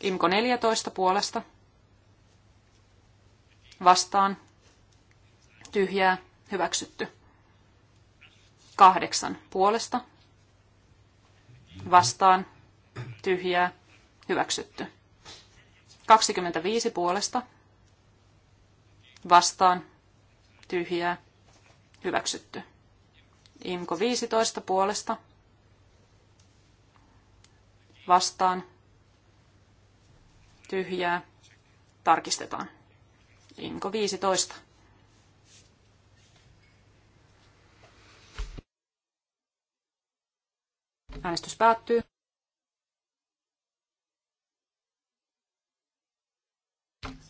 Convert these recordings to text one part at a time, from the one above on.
Imko 14 puolesta. Vastaan. Tyhjää. Hyväksytty. Kahdeksan puolesta. Vastaan. Tyhjää. Hyväksytty. 25 puolesta. Vastaan. Tyhjää. Hyväksytty. Imko 15 puolesta. Vastaan tyhjää, tarkistetaan. Inko 15. Äänestys päättyy.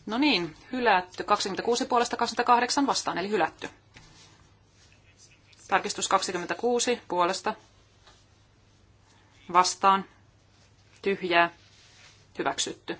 No niin, hylätty. 26 puolesta 28 vastaan, eli hylätty. Tarkistus 26 puolesta vastaan, tyhjää, hyväksytty.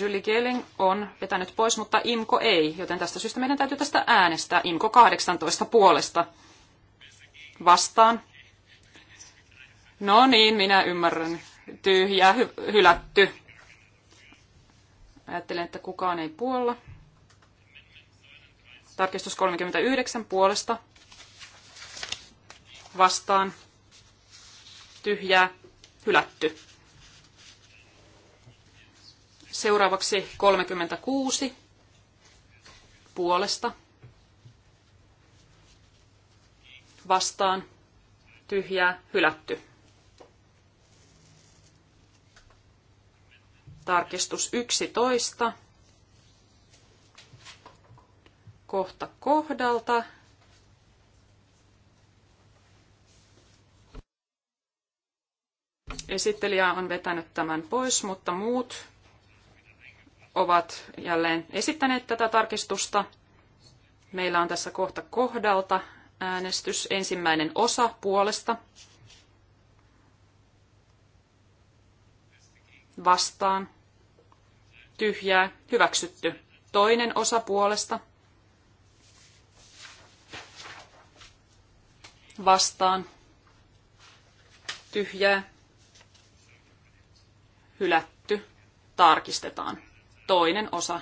Julie Gelling on vetänyt pois, mutta IMKO ei, joten tästä syystä meidän täytyy tästä äänestää IMKO 18 puolesta vastaan. No niin, minä ymmärrän. Tyhjä, hy- hylätty. Ajattelen, että kukaan ei puolla. Tarkistus 39 puolesta vastaan. Tyhjää, hylätty. Seuraavaksi 36 puolesta vastaan tyhjää hylätty. Tarkistus 11. Kohta kohdalta. Esittelijä on vetänyt tämän pois, mutta muut ovat jälleen esittäneet tätä tarkistusta. Meillä on tässä kohta kohdalta äänestys ensimmäinen osa puolesta vastaan tyhjää hyväksytty toinen osa puolesta vastaan tyhjää hylätty tarkistetaan toinen osa.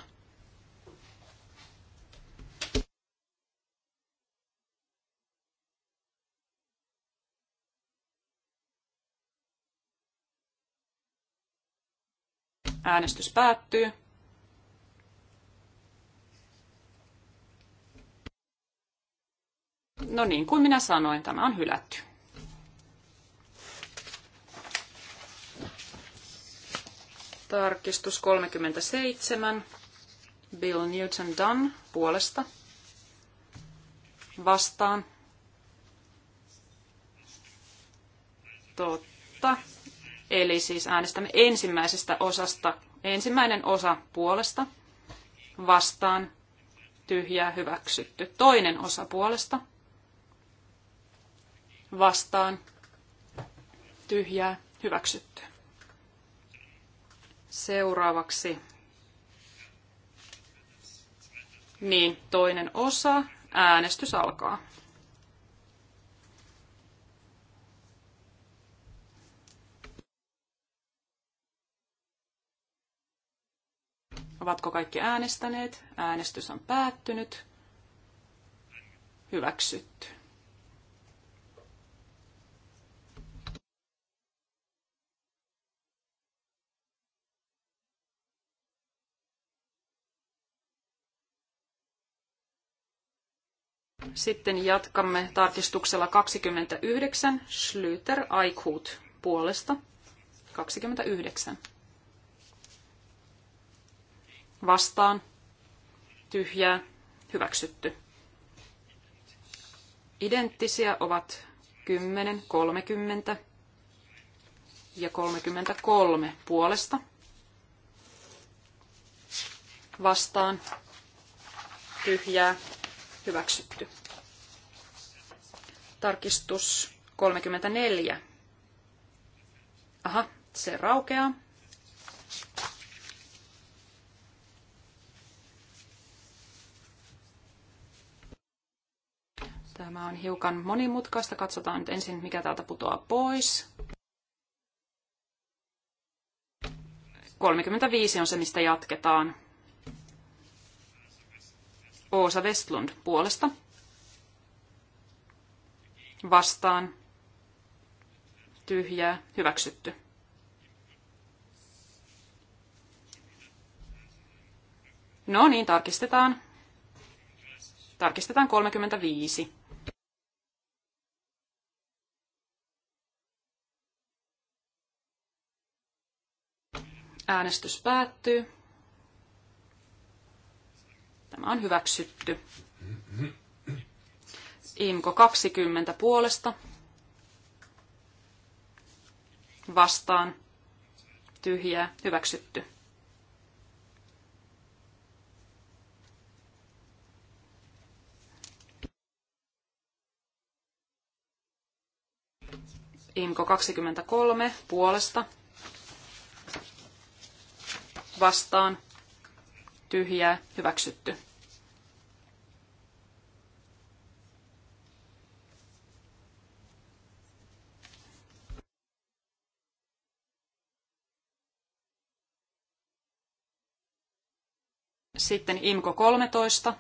Äänestys päättyy. No niin kuin minä sanoin, tämä on hylätty. Tarkistus 37. Bill Newton Dunn puolesta. Vastaan. Totta. Eli siis äänestämme ensimmäisestä osasta. Ensimmäinen osa puolesta. Vastaan. Tyhjää hyväksytty. Toinen osa puolesta. Vastaan. Tyhjää hyväksytty. Seuraavaksi. Niin, toinen osa. Äänestys alkaa. Ovatko kaikki äänestäneet? Äänestys on päättynyt. Hyväksytty. Sitten jatkamme tarkistuksella 29. Schlüter Aikhut puolesta. 29. Vastaan. Tyhjää. Hyväksytty. Identtisiä ovat 10, 30 ja 33 puolesta. Vastaan. Tyhjää hyväksytty. Tarkistus 34. Aha, se raukeaa. Tämä on hiukan monimutkaista. Katsotaan nyt ensin, mikä täältä putoaa pois. 35 on se, mistä jatketaan. Oosa Westlund puolesta. Vastaan. Tyhjää. Hyväksytty. No niin, tarkistetaan. Tarkistetaan 35. Äänestys päättyy. Tämä on hyväksytty. Imko 20 puolesta. Vastaan. Tyhjää. Hyväksytty. Imko 23 puolesta vastaan tyhjää, hyväksytty. Sitten IMKO 13.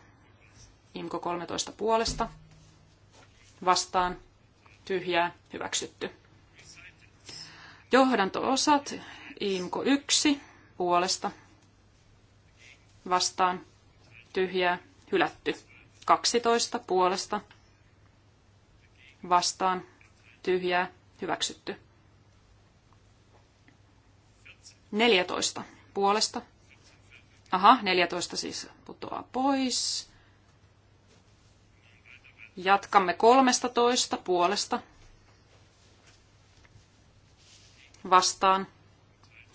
IMKO 13 puolesta. Vastaan. Tyhjää. Hyväksytty. Johdanto-osat. IMKO 1 puolesta vastaan tyhjää hylätty. 12 puolesta vastaan tyhjää hyväksytty. 14 puolesta. Aha, 14 siis putoaa pois. Jatkamme 13 puolesta. Vastaan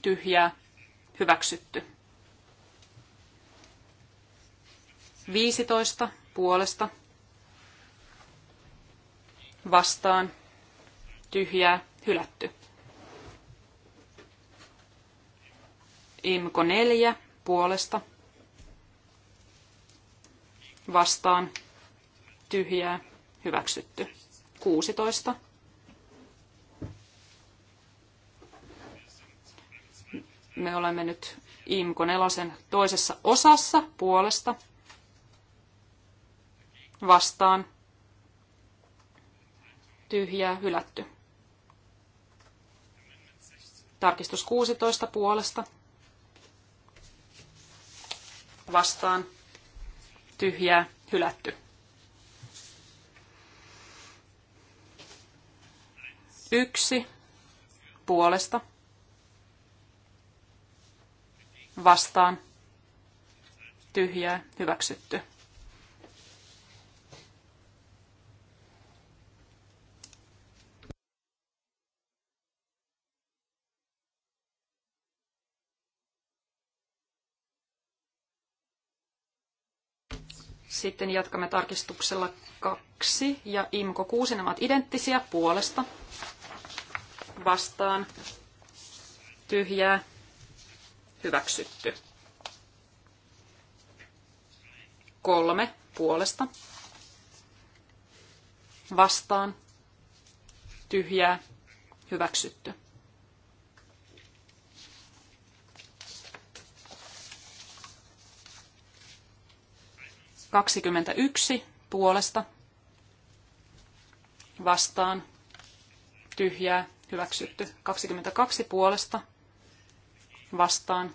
tyhjää hyväksytty. 15 puolesta vastaan tyhjää hylätty. Imko 4 puolesta vastaan tyhjää hyväksytty. 16 me olemme nyt Imko Nelosen toisessa osassa puolesta vastaan tyhjää hylätty. Tarkistus 16 puolesta vastaan tyhjää hylätty. Yksi puolesta vastaan tyhjää hyväksytty. Sitten jatkamme tarkistuksella kaksi ja IMKO 6. Nämä ovat identtisiä puolesta vastaan tyhjää hyväksytty. Kolme puolesta vastaan tyhjää hyväksytty. 21 puolesta vastaan tyhjää hyväksytty. 22 puolesta vastaan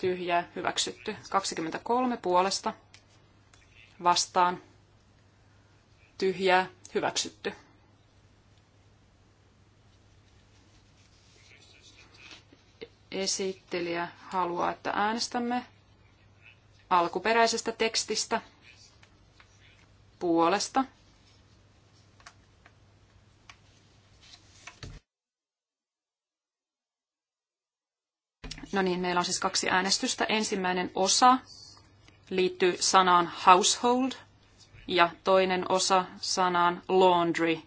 tyhjää hyväksytty. 23 puolesta vastaan tyhjää hyväksytty. Esittelijä haluaa, että äänestämme alkuperäisestä tekstistä puolesta. No niin, meillä on siis kaksi äänestystä. Ensimmäinen osa liittyy sanaan household ja toinen osa sanaan laundry.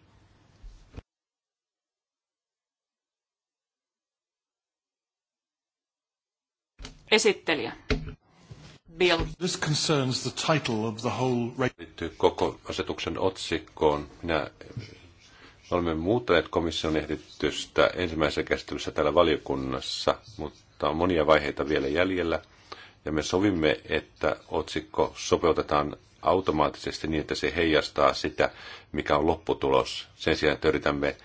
Esittelijä. Bill. This concerns the title of the whole... koko asetuksen otsikkoon. Minä olemme muuttaneet komission ehdotusta ensimmäisessä käsittelyssä täällä valiokunnassa, mutta on monia vaiheita vielä jäljellä. Ja me sovimme, että otsikko sopeutetaan automaattisesti niin, että se heijastaa sitä, mikä on lopputulos. Sen sijaan, että yritämme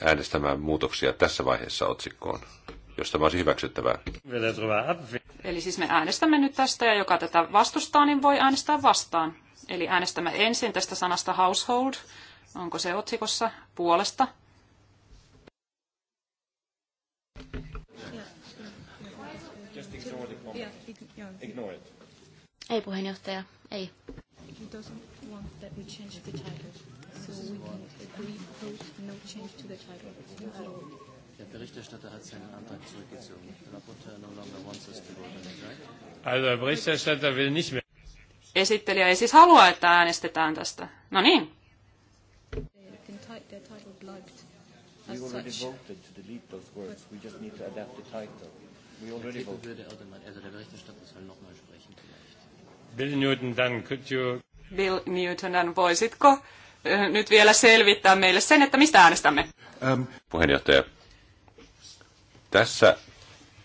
äänestämään muutoksia tässä vaiheessa otsikkoon jos tämä olisi hyväksyttävää. Eli siis me äänestämme nyt tästä, ja joka tätä vastustaa, niin voi äänestää vastaan. Eli äänestämme ensin tästä sanasta household, onko se otsikossa puolesta. Ei puheenjohtaja, ei. So Der Berichterstatter hat seinen Antrag zurückgezogen. rapporteur no longer wants us to vote on it, right? Also, Berichterstatter will nicht mehr. Esittelijä ei siis halua, että äänestetään tästä. No niin. Bill Newton dann could you... Bill Newton dann voisitko äh, nyt vielä selvittää meille sen, että mistä äänestämme? Um, puheenjohtaja, tässä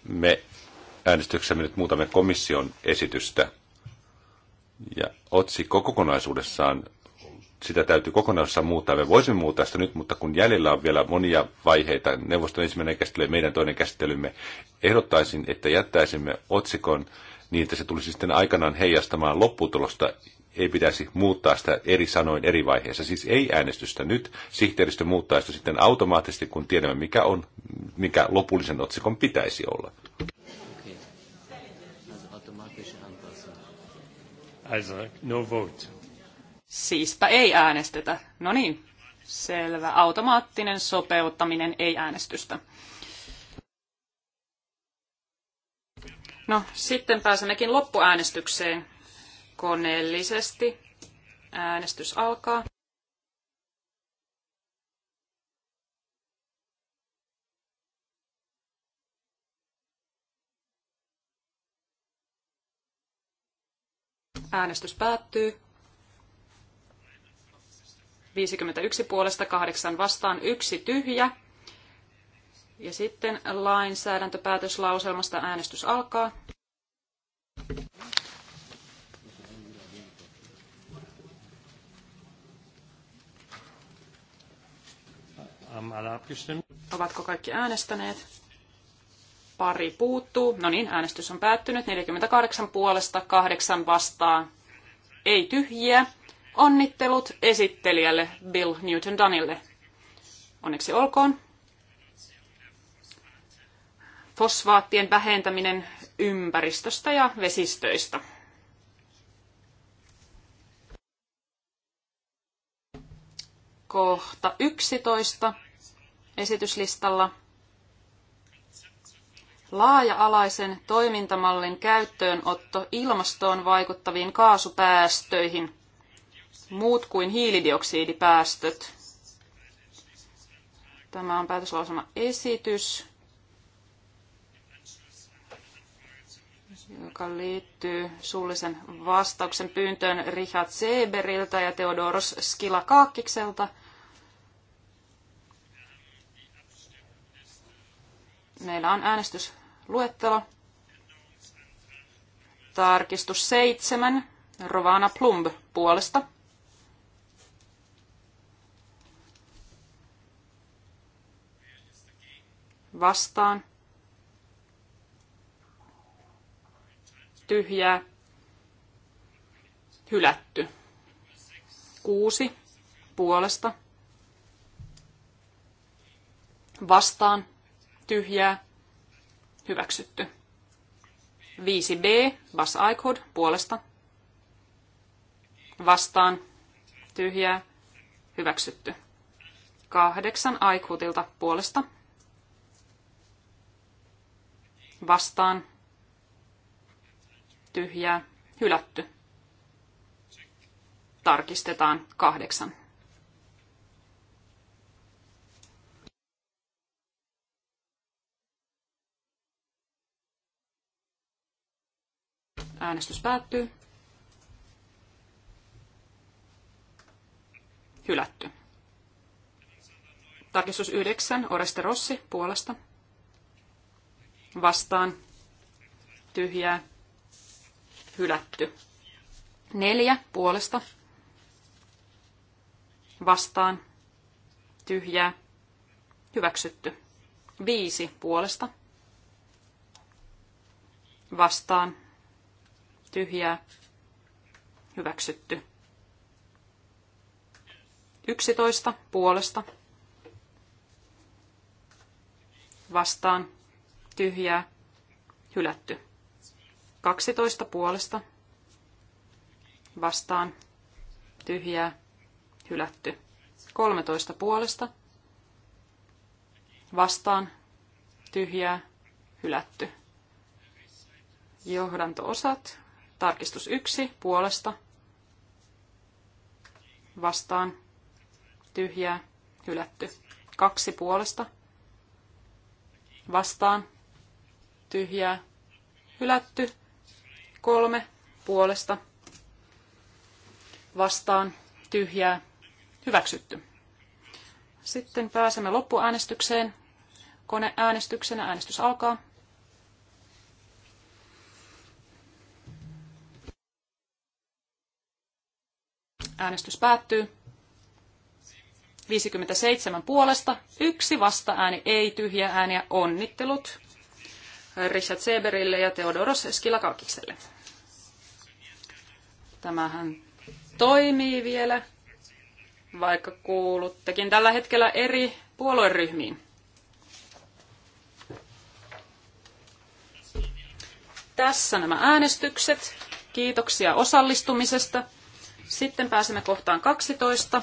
me äänestyksessä nyt muutamme komission esitystä. Ja otsikko kokonaisuudessaan, sitä täytyy kokonaisuudessaan muuttaa. Me voisimme muuttaa sitä nyt, mutta kun jäljellä on vielä monia vaiheita, neuvoston ensimmäinen käsittely ja meidän toinen käsittelymme, ehdottaisin, että jättäisimme otsikon niin, että se tulisi sitten aikanaan heijastamaan lopputulosta ei pitäisi muuttaa sitä eri sanoin eri vaiheessa. Siis ei äänestystä nyt, sihteeristö muuttaa sitä sitten automaattisesti, kun tiedämme, mikä, on, mikä lopullisen otsikon pitäisi olla. no vote. Siispä ei äänestetä. No niin, selvä. Automaattinen sopeuttaminen, ei äänestystä. No, sitten pääsemmekin loppuäänestykseen koneellisesti. Äänestys alkaa. Äänestys päättyy. 51 puolesta, 8 vastaan, 1 tyhjä. Ja sitten lainsäädäntöpäätöslauselmasta äänestys alkaa. Ovatko kaikki äänestäneet? Pari puuttuu. No niin, äänestys on päättynyt. 48 puolesta, 8 vastaan. Ei tyhjiä. Onnittelut esittelijälle Bill Newton-Dunille. Onneksi olkoon. Fosfaattien vähentäminen ympäristöstä ja vesistöistä. kohta 11 esityslistalla laaja-alaisen toimintamallin käyttöönotto ilmastoon vaikuttaviin kaasupäästöihin, muut kuin hiilidioksidipäästöt. Tämä on päätöslausema esitys, joka liittyy suullisen vastauksen pyyntöön Richard Seberiltä ja Theodoros Skilakaakkikselta – Meillä on äänestysluettelo. Tarkistus seitsemän. Rovana Plumb puolesta. Vastaan. Tyhjää. Hylätty. Kuusi puolesta. Vastaan tyhjää, hyväksytty. 5b, Bas Aikud, puolesta, vastaan, tyhjää, hyväksytty. 8 Aikutilta puolesta, vastaan, tyhjää, hylätty. Tarkistetaan kahdeksan. Äänestys päättyy. Hylätty. Tarkistus 9. Oreste Rossi puolesta. Vastaan. Tyhjää. Hylätty. Neljä puolesta. Vastaan. Tyhjää. Hyväksytty. Viisi puolesta. Vastaan tyhjää, hyväksytty. 11 puolesta vastaan tyhjää, hylätty. 12 puolesta vastaan tyhjää, hylätty. 13 puolesta vastaan tyhjää, hylätty johdanto-osat, Tarkistus 1 puolesta. Vastaan. Tyhjää. Hylätty. Kaksi puolesta. Vastaan. Tyhjää. Hylätty. Kolme puolesta. Vastaan. Tyhjää. Hyväksytty. Sitten pääsemme loppuäänestykseen. Koneäänestyksenä äänestys alkaa. Äänestys päättyy. 57 puolesta, yksi vasta-ääni, ei tyhjä ääniä. Onnittelut Richard Seberille ja Theodoros Skilakakikselle. Tämähän toimii vielä, vaikka kuuluttekin tällä hetkellä eri puolueryhmiin. Tässä nämä äänestykset. Kiitoksia osallistumisesta. Sitten pääsemme kohtaan 12.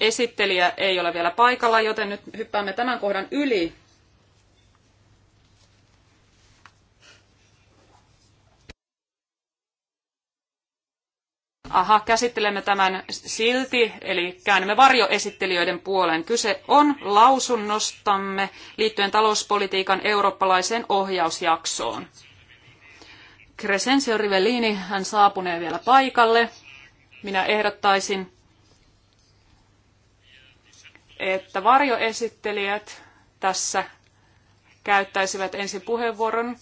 Esittelijä ei ole vielä paikalla, joten nyt hyppäämme tämän kohdan yli aha, käsittelemme tämän silti, eli käännymme varjoesittelijöiden puoleen. Kyse on lausunnostamme liittyen talouspolitiikan eurooppalaiseen ohjausjaksoon. Crescencio Rivellini, hän saapunee vielä paikalle. Minä ehdottaisin, että varjoesittelijät tässä käyttäisivät ensin puheenvuoron.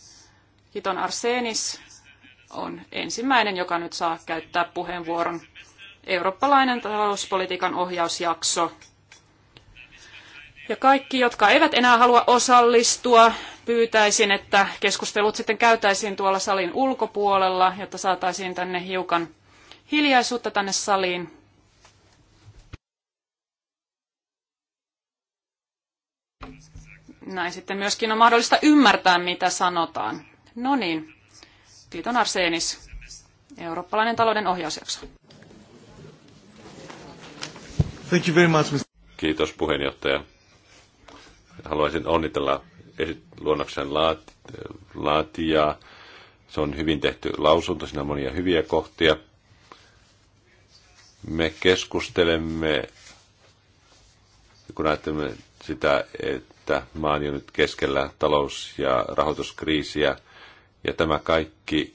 Hiton Arsenis on ensimmäinen, joka nyt saa käyttää puheenvuoron. Eurooppalainen talouspolitiikan ohjausjakso. Ja kaikki, jotka eivät enää halua osallistua, pyytäisin, että keskustelut sitten käytäisiin tuolla salin ulkopuolella, jotta saataisiin tänne hiukan hiljaisuutta tänne saliin. Näin sitten myöskin on mahdollista ymmärtää, mitä sanotaan. No niin, Kiiton Arsenis. Eurooppalainen talouden ohjausjakso. Thank you very much, Mr. Kiitos puheenjohtaja. Haluaisin onnitella luonnoksen laat, laatijaa. Se on hyvin tehty lausunto, siinä on monia hyviä kohtia. Me keskustelemme, kun ajattelemme sitä, että maan on jo nyt keskellä talous- ja rahoituskriisiä – ja tämä kaikki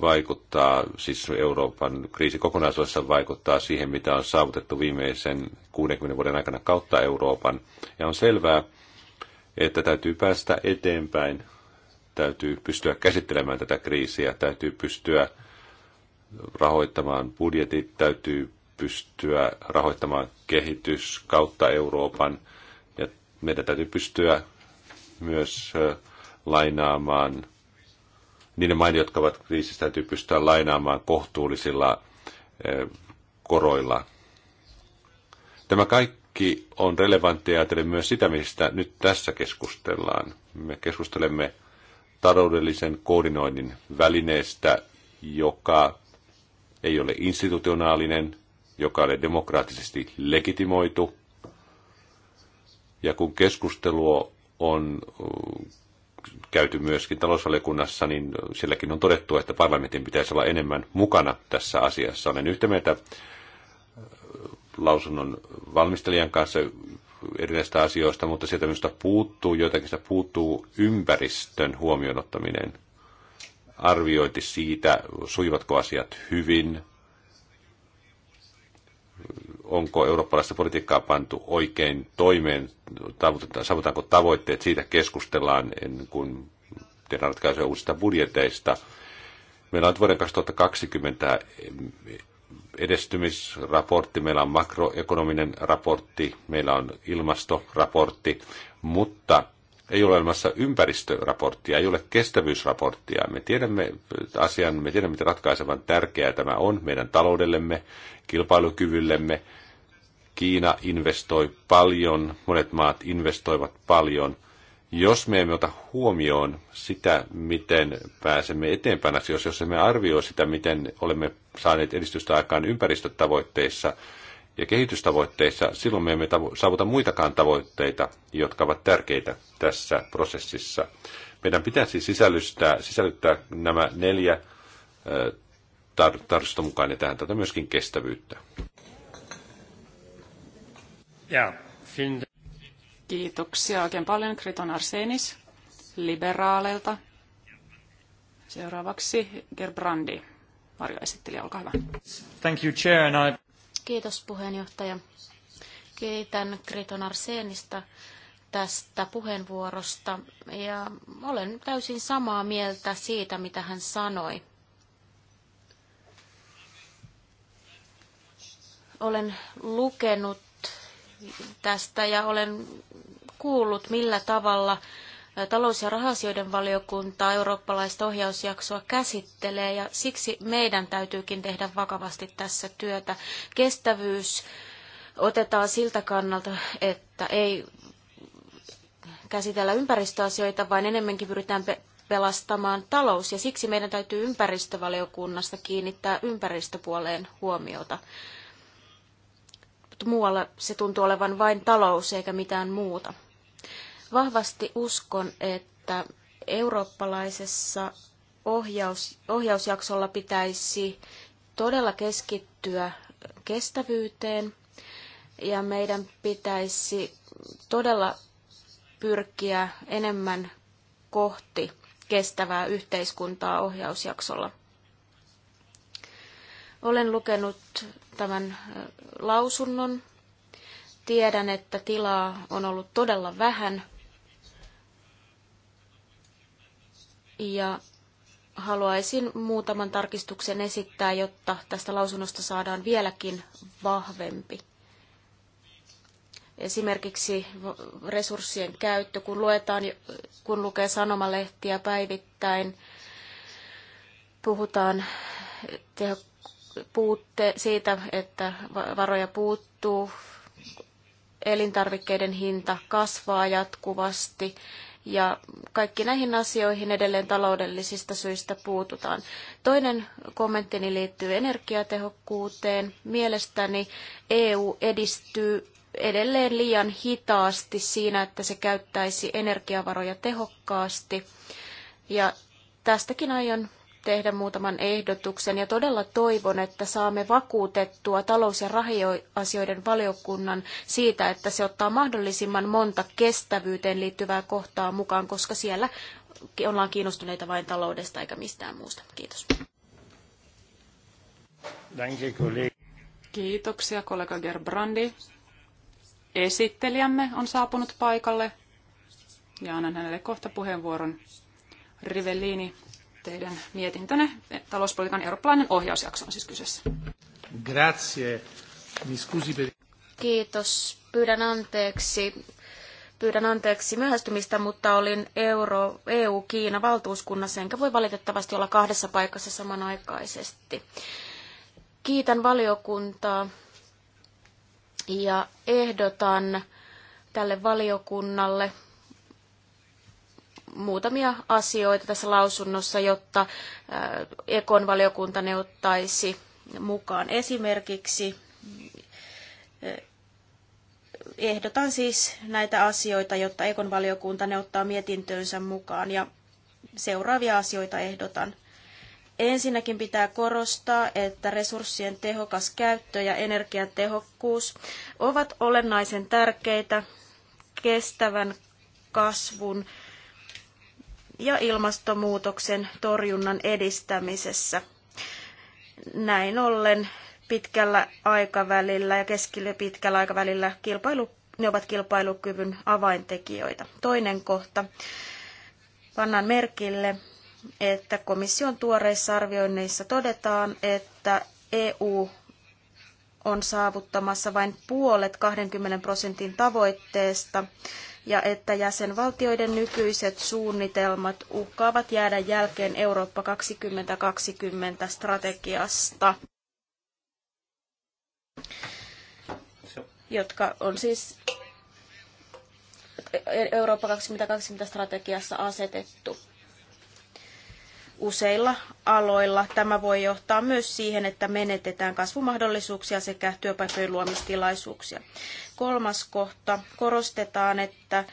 vaikuttaa, siis Euroopan kriisi kokonaisuudessaan vaikuttaa siihen, mitä on saavutettu viimeisen 60 vuoden aikana kautta Euroopan. Ja on selvää, että täytyy päästä eteenpäin, täytyy pystyä käsittelemään tätä kriisiä, täytyy pystyä rahoittamaan budjetit, täytyy pystyä rahoittamaan kehitys kautta Euroopan ja meidän täytyy pystyä myös lainaamaan, niiden maiden, jotka ovat kriisissä, täytyy pystyä lainaamaan kohtuullisilla eh, koroilla. Tämä kaikki on relevanttia ajatellen myös sitä, mistä nyt tässä keskustellaan. Me keskustelemme taloudellisen koordinoinnin välineestä, joka ei ole institutionaalinen, joka ei ole demokraattisesti legitimoitu. Ja kun keskustelu on käyty myöskin talousvaliokunnassa, niin silläkin on todettu, että parlamentin pitäisi olla enemmän mukana tässä asiassa. Olen yhtä mieltä äh, lausunnon valmistelijan kanssa erilaisista asioista, mutta sieltä minusta puuttuu, joitakin sitä puuttuu ympäristön huomioon ottaminen. Arviointi siitä, suivatko asiat hyvin, onko eurooppalaista politiikkaa pantu oikein toimeen, saavutaanko tavoitteet, siitä keskustellaan ennen kuin tehdään ratkaisuja uusista budjeteista. Meillä on vuoden 2020 edestymisraportti, meillä on makroekonominen raportti, meillä on ilmastoraportti, mutta ei ole olemassa ympäristöraporttia, ei ole kestävyysraporttia. Me tiedämme asian, me tiedämme, miten ratkaisevan tärkeää tämä on meidän taloudellemme, kilpailukyvyllemme. Kiina investoi paljon, monet maat investoivat paljon. Jos me emme ota huomioon sitä, miten pääsemme eteenpäin asioissa, jos emme arvioi sitä, miten olemme saaneet edistystä aikaan ympäristötavoitteissa, ja kehitystavoitteissa, silloin me emme tavo- saavuta muitakaan tavoitteita, jotka ovat tärkeitä tässä prosessissa. Meidän pitäisi sisällyttää, sisällyttää nämä neljä tar- tarjosta mukaan ja tähän tätä myöskin kestävyyttä. Ja, Kiitoksia oikein paljon Kriton Arsenis liberaaleilta. Seuraavaksi Gerbrandi, varjoesittelijä, olkaa hyvä. Thank you, Chair, and I... Kiitos puheenjohtaja. Kiitän Kriton Arsenista tästä puheenvuorosta ja olen täysin samaa mieltä siitä, mitä hän sanoi. Olen lukenut tästä ja olen kuullut, millä tavalla talous- ja rahasioiden valiokuntaa eurooppalaista ohjausjaksoa käsittelee ja siksi meidän täytyykin tehdä vakavasti tässä työtä. Kestävyys otetaan siltä kannalta, että ei käsitellä ympäristöasioita, vaan enemmänkin pyritään pelastamaan talous ja siksi meidän täytyy ympäristövaliokunnasta kiinnittää ympäristöpuoleen huomiota. Muualla se tuntuu olevan vain talous eikä mitään muuta. Vahvasti uskon, että eurooppalaisessa ohjaus, ohjausjaksolla pitäisi todella keskittyä kestävyyteen ja meidän pitäisi todella pyrkiä enemmän kohti kestävää yhteiskuntaa ohjausjaksolla. Olen lukenut tämän lausunnon. Tiedän, että tilaa on ollut todella vähän – Ja haluaisin muutaman tarkistuksen esittää, jotta tästä lausunnosta saadaan vieläkin vahvempi. Esimerkiksi resurssien käyttö, kun, luetaan, kun lukee sanomalehtiä päivittäin, puhutaan teho, puutte, siitä, että varoja puuttuu, elintarvikkeiden hinta kasvaa jatkuvasti ja kaikki näihin asioihin edelleen taloudellisista syistä puututaan. Toinen kommenttini liittyy energiatehokkuuteen. Mielestäni EU edistyy edelleen liian hitaasti siinä, että se käyttäisi energiavaroja tehokkaasti. Ja tästäkin aion tehdä muutaman ehdotuksen ja todella toivon, että saamme vakuutettua talous- ja rahioasioiden valiokunnan siitä, että se ottaa mahdollisimman monta kestävyyteen liittyvää kohtaa mukaan, koska siellä ollaan kiinnostuneita vain taloudesta eikä mistään muusta. Kiitos. Kiitoksia kollega Gerbrandi. Esittelijämme on saapunut paikalle ja annan hänelle kohta puheenvuoron. Rivellini teidän mietintönne. Talouspolitiikan eurooppalainen ohjausjakso on siis kyseessä. Grazie. Mi scusi per... Kiitos. Pyydän anteeksi. Pyydän anteeksi myöhästymistä, mutta olin Euro, EU-Kiina valtuuskunnassa, enkä voi valitettavasti olla kahdessa paikassa samanaikaisesti. Kiitän valiokuntaa ja ehdotan tälle valiokunnalle muutamia asioita tässä lausunnossa, jotta Ekon valiokunta ne ottaisi mukaan. Esimerkiksi ehdotan siis näitä asioita, jotta Ekon valiokunta ne ottaa mietintöönsä mukaan ja seuraavia asioita ehdotan. Ensinnäkin pitää korostaa, että resurssien tehokas käyttö ja energiatehokkuus ovat olennaisen tärkeitä kestävän kasvun ja ilmastonmuutoksen torjunnan edistämisessä. Näin ollen pitkällä aikavälillä ja keskipitkällä aikavälillä kilpailu, ne ovat kilpailukyvyn avaintekijöitä. Toinen kohta. Pannaan merkille, että komission tuoreissa arvioinneissa todetaan, että EU on saavuttamassa vain puolet 20 prosentin tavoitteesta ja että jäsenvaltioiden nykyiset suunnitelmat uhkaavat jäädä jälkeen Eurooppa 2020 strategiasta, jotka on siis Eurooppa 2020 strategiassa asetettu useilla aloilla. Tämä voi johtaa myös siihen, että menetetään kasvumahdollisuuksia sekä työpaikkojen luomistilaisuuksia. Kolmas kohta. Korostetaan, että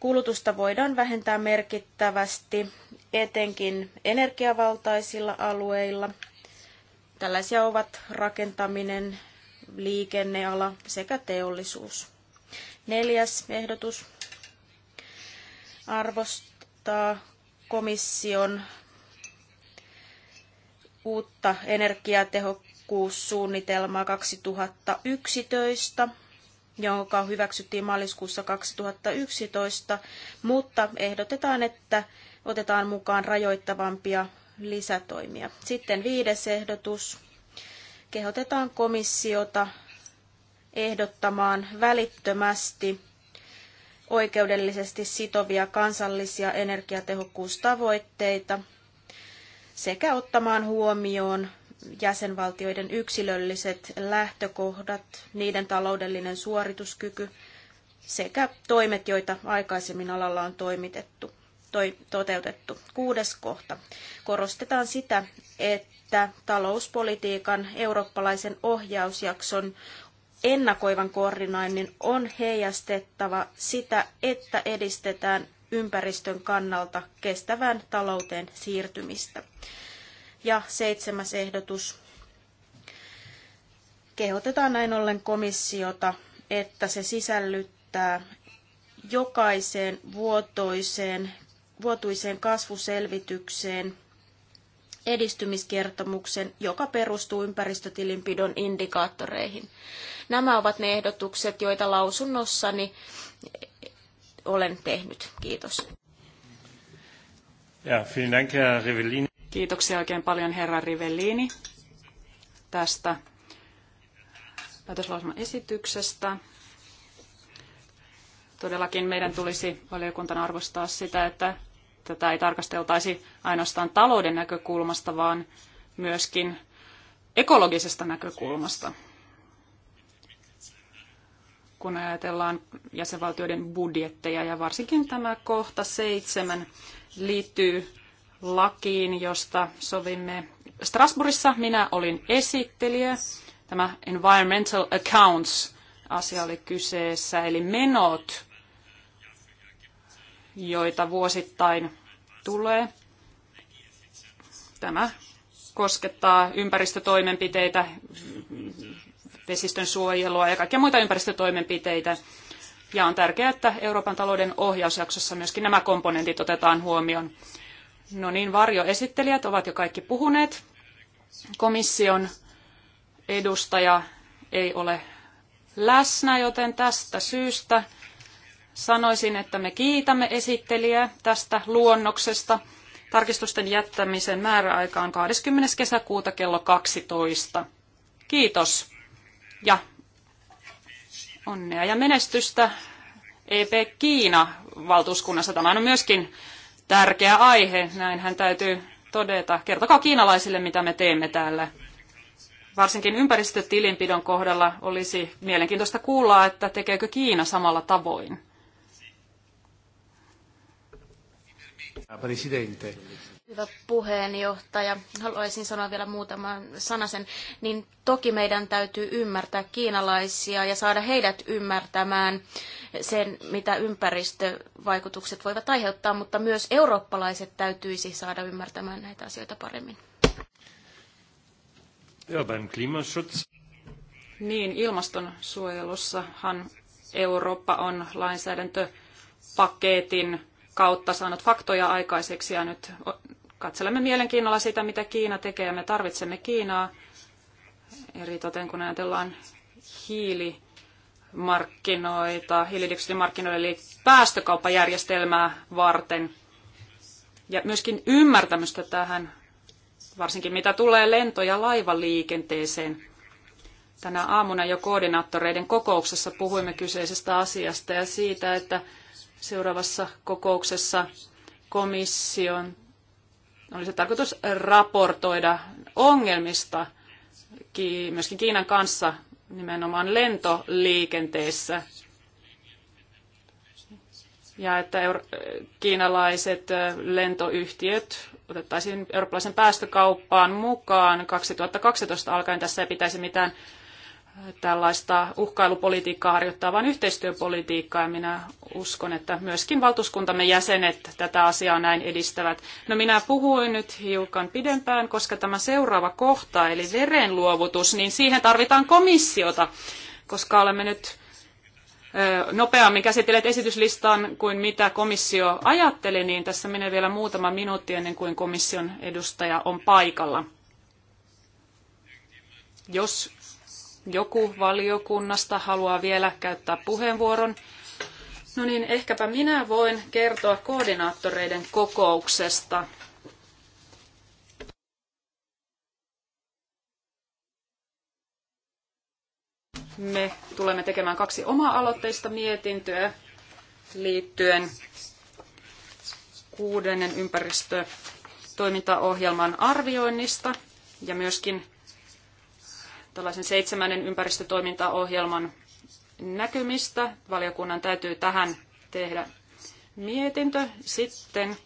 kulutusta voidaan vähentää merkittävästi, etenkin energiavaltaisilla alueilla. Tällaisia ovat rakentaminen, liikenneala sekä teollisuus. Neljäs ehdotus arvostaa komission uutta energiatehokkuussuunnitelmaa 2011, jonka hyväksyttiin maaliskuussa 2011, mutta ehdotetaan, että otetaan mukaan rajoittavampia lisätoimia. Sitten viides ehdotus. Kehotetaan komissiota ehdottamaan välittömästi oikeudellisesti sitovia kansallisia energiatehokkuustavoitteita sekä ottamaan huomioon jäsenvaltioiden yksilölliset lähtökohdat, niiden taloudellinen suorituskyky sekä toimet, joita aikaisemmin alalla on toimitettu, toi, toteutettu. Kuudes kohta. Korostetaan sitä, että talouspolitiikan eurooppalaisen ohjausjakson ennakoivan koordinoinnin on heijastettava sitä, että edistetään ympäristön kannalta kestävään talouteen siirtymistä. Ja seitsemäs ehdotus. Kehotetaan näin ollen komissiota, että se sisällyttää jokaiseen vuotoiseen, vuotuiseen kasvuselvitykseen edistymiskertomuksen, joka perustuu ympäristötilinpidon indikaattoreihin. Nämä ovat ne ehdotukset, joita lausunnossani olen tehnyt. Kiitos. Ja, vielen Dank, Herr Rivellini. Kiitoksia oikein paljon herra Rivellini tästä esityksestä. Todellakin meidän tulisi valiokuntana arvostaa sitä, että tätä ei tarkasteltaisi ainoastaan talouden näkökulmasta, vaan myöskin ekologisesta näkökulmasta kun ajatellaan jäsenvaltioiden budjetteja. Ja varsinkin tämä kohta seitsemän liittyy lakiin, josta sovimme Strasbourgissa. Minä olin esittelijä. Tämä Environmental Accounts asia oli kyseessä, eli menot, joita vuosittain tulee. Tämä koskettaa ympäristötoimenpiteitä, vesistön suojelua ja kaikkia muita ympäristötoimenpiteitä. Ja on tärkeää, että Euroopan talouden ohjausjaksossa myöskin nämä komponentit otetaan huomioon. No niin, varjoesittelijät ovat jo kaikki puhuneet. Komission edustaja ei ole läsnä, joten tästä syystä sanoisin, että me kiitämme esittelijää tästä luonnoksesta. Tarkistusten jättämisen määräaika on 20. kesäkuuta kello 12. Kiitos. Ja onnea ja menestystä EP Kiina valtuuskunnassa. Tämä on myöskin tärkeä aihe, näin hän täytyy todeta. Kertokaa kiinalaisille, mitä me teemme täällä. Varsinkin ympäristötilinpidon kohdalla olisi mielenkiintoista kuulla, että tekeekö Kiina samalla tavoin. Presidente, Hyvä puheenjohtaja. Haluaisin sanoa vielä muutaman sanasen. Niin toki meidän täytyy ymmärtää kiinalaisia ja saada heidät ymmärtämään sen, mitä ympäristövaikutukset voivat aiheuttaa, mutta myös eurooppalaiset täytyisi saada ymmärtämään näitä asioita paremmin. Ja, beim Klimaschutz. Niin, ilmastonsuojelussahan Eurooppa on lainsäädäntöpaketin kautta saanut faktoja aikaiseksi ja nyt katselemme mielenkiinnolla sitä, mitä Kiina tekee, ja me tarvitsemme Kiinaa, eritoten kun ajatellaan hiilimarkkinoita, hiilidioksidimarkkinoille, eli päästökauppajärjestelmää varten, ja myöskin ymmärtämystä tähän, varsinkin mitä tulee lento- ja laivaliikenteeseen. Tänä aamuna jo koordinaattoreiden kokouksessa puhuimme kyseisestä asiasta ja siitä, että seuraavassa kokouksessa komission se tarkoitus raportoida ongelmista myöskin Kiinan kanssa nimenomaan lentoliikenteessä. Ja että kiinalaiset lentoyhtiöt otettaisiin eurooppalaisen päästökauppaan mukaan 2012 alkaen. Tässä ei pitäisi mitään tällaista uhkailupolitiikkaa harjoittaa, vaan yhteistyöpolitiikkaa. Ja minä uskon, että myöskin valtuuskuntamme jäsenet tätä asiaa näin edistävät. No minä puhuin nyt hiukan pidempään, koska tämä seuraava kohta, eli verenluovutus, niin siihen tarvitaan komissiota, koska olemme nyt nopeammin käsitelleet esityslistan kuin mitä komissio ajatteli, niin tässä menee vielä muutama minuutti ennen kuin komission edustaja on paikalla. Jos joku valiokunnasta haluaa vielä käyttää puheenvuoron. No niin, ehkäpä minä voin kertoa koordinaattoreiden kokouksesta. Me tulemme tekemään kaksi oma-aloitteista mietintöä liittyen kuudennen ympäristötoimintaohjelman arvioinnista ja myöskin tällaisen seitsemännen ympäristötoimintaohjelman näkymistä. Valiokunnan täytyy tähän tehdä mietintö. Sitten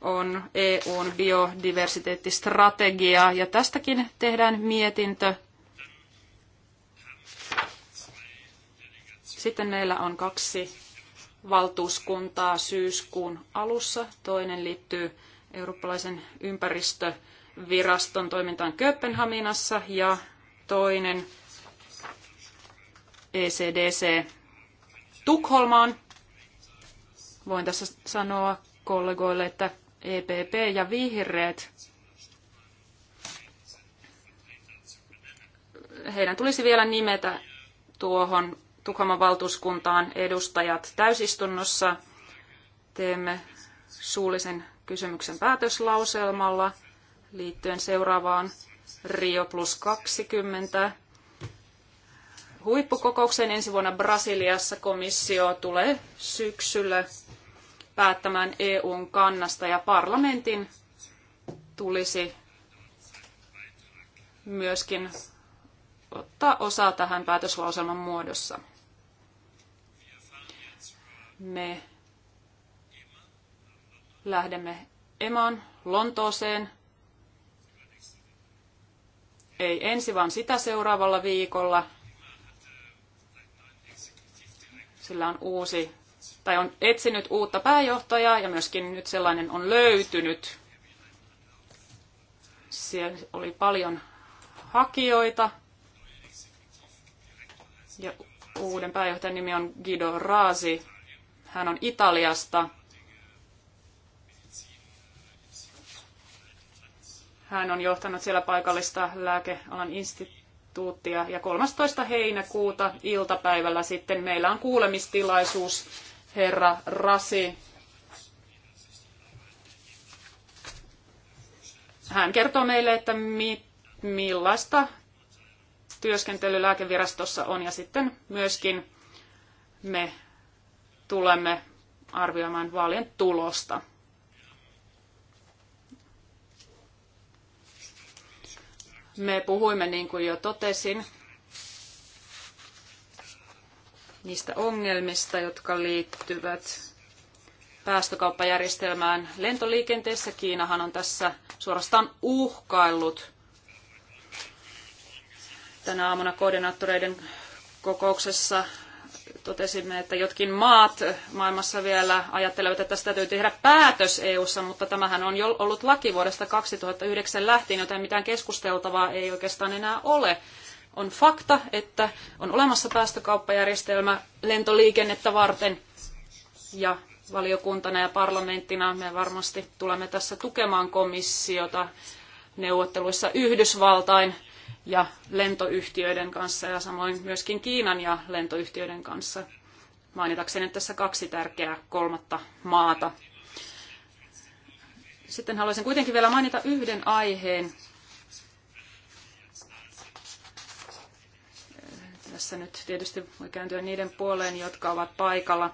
on EUn biodiversiteettistrategia ja tästäkin tehdään mietintö. Sitten meillä on kaksi valtuuskuntaa syyskuun alussa. Toinen liittyy eurooppalaisen ympäristöviraston toimintaan Kööpenhaminassa ja toinen ECDC Tukholmaan. Voin tässä sanoa kollegoille, että EPP ja vihreät, heidän tulisi vielä nimetä tuohon Tukholman valtuuskuntaan edustajat täysistunnossa. Teemme suullisen kysymyksen päätöslauselmalla liittyen seuraavaan Rio plus 20 huippukokoukseen ensi vuonna Brasiliassa komissio tulee syksyllä päättämään EUn kannasta ja parlamentin tulisi myöskin ottaa osaa tähän päätöslauselman muodossa. Me lähdemme Emaan Lontooseen ei ensi, vaan sitä seuraavalla viikolla. Sillä on uusi, tai on etsinyt uutta pääjohtajaa ja myöskin nyt sellainen on löytynyt. Siellä oli paljon hakijoita. Ja uuden pääjohtajan nimi on Guido Raasi. Hän on Italiasta Hän on johtanut siellä paikallista lääkealan instituuttia. Ja 13. heinäkuuta iltapäivällä sitten meillä on kuulemistilaisuus herra Rasi. Hän kertoo meille, että mi, millaista työskentely lääkevirastossa on ja sitten myöskin me tulemme arvioimaan vaalien tulosta. Me puhuimme, niin kuin jo totesin, niistä ongelmista, jotka liittyvät päästökauppajärjestelmään lentoliikenteessä. Kiinahan on tässä suorastaan uhkaillut. Tänä aamuna koordinaattoreiden kokouksessa totesimme, että jotkin maat maailmassa vielä ajattelevat, että tästä täytyy tehdä päätös EU-ssa, mutta tämähän on jo ollut laki vuodesta 2009 lähtien, joten mitään keskusteltavaa ei oikeastaan enää ole. On fakta, että on olemassa päästökauppajärjestelmä lentoliikennettä varten ja valiokuntana ja parlamenttina me varmasti tulemme tässä tukemaan komissiota neuvotteluissa Yhdysvaltain ja lentoyhtiöiden kanssa ja samoin myöskin Kiinan ja lentoyhtiöiden kanssa. Mainitakseni tässä kaksi tärkeää kolmatta maata. Sitten haluaisin kuitenkin vielä mainita yhden aiheen. Tässä nyt tietysti voi kääntyä niiden puoleen, jotka ovat paikalla.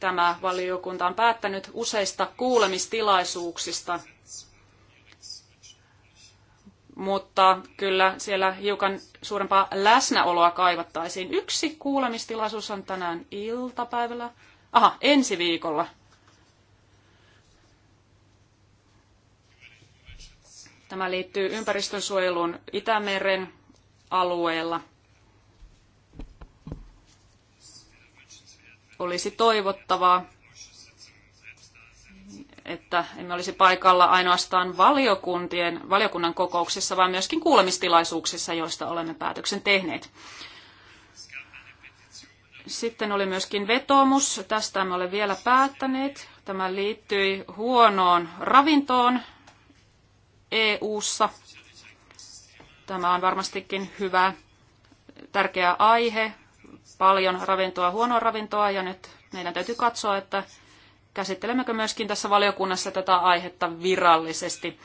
Tämä valiokunta on päättänyt useista kuulemistilaisuuksista mutta kyllä siellä hiukan suurempaa läsnäoloa kaivattaisiin. Yksi kuulemistilaisuus on tänään iltapäivällä. Aha, ensi viikolla. Tämä liittyy ympäristönsuojeluun Itämeren alueella. Olisi toivottavaa, että emme olisi paikalla ainoastaan valiokuntien, valiokunnan kokouksissa, vaan myöskin kuulemistilaisuuksissa, joista olemme päätöksen tehneet. Sitten oli myöskin vetoomus. Tästä emme ole vielä päättäneet. Tämä liittyi huonoon ravintoon EU-ssa. Tämä on varmastikin hyvä, tärkeä aihe. Paljon ravintoa, huonoa ravintoa ja nyt meidän täytyy katsoa, että käsittelemmekö myöskin tässä valiokunnassa tätä aihetta virallisesti.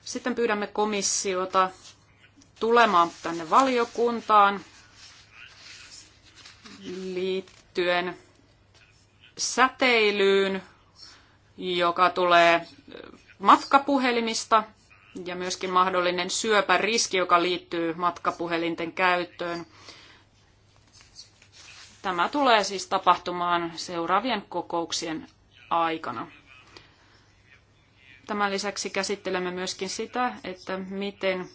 Sitten pyydämme komissiota tulemaan tänne valiokuntaan liittyen säteilyyn, joka tulee matkapuhelimista ja myöskin mahdollinen syöpäriski, joka liittyy matkapuhelinten käyttöön. Tämä tulee siis tapahtumaan seuraavien kokouksien aikana. Tämän lisäksi käsittelemme myöskin sitä, että miten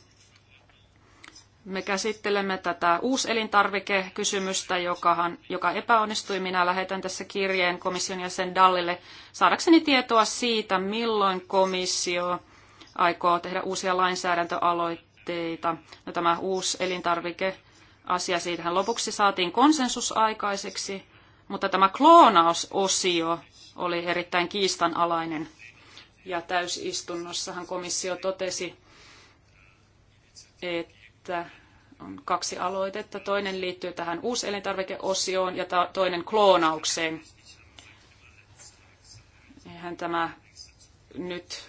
me käsittelemme tätä uuselintarvikekysymystä, jokahan, joka epäonnistui. Minä lähetän tässä kirjeen komission jäsen Dallille saadakseni tietoa siitä, milloin komissio aikoo tehdä uusia lainsäädäntöaloitteita. No, tämä uuselintarvike asia. Siitähän lopuksi saatiin konsensus aikaiseksi, mutta tämä kloonausosio oli erittäin kiistanalainen. Ja täysistunnossahan komissio totesi, että on kaksi aloitetta. Toinen liittyy tähän uuselintarvikeosioon ja toinen kloonaukseen. Eihän tämä nyt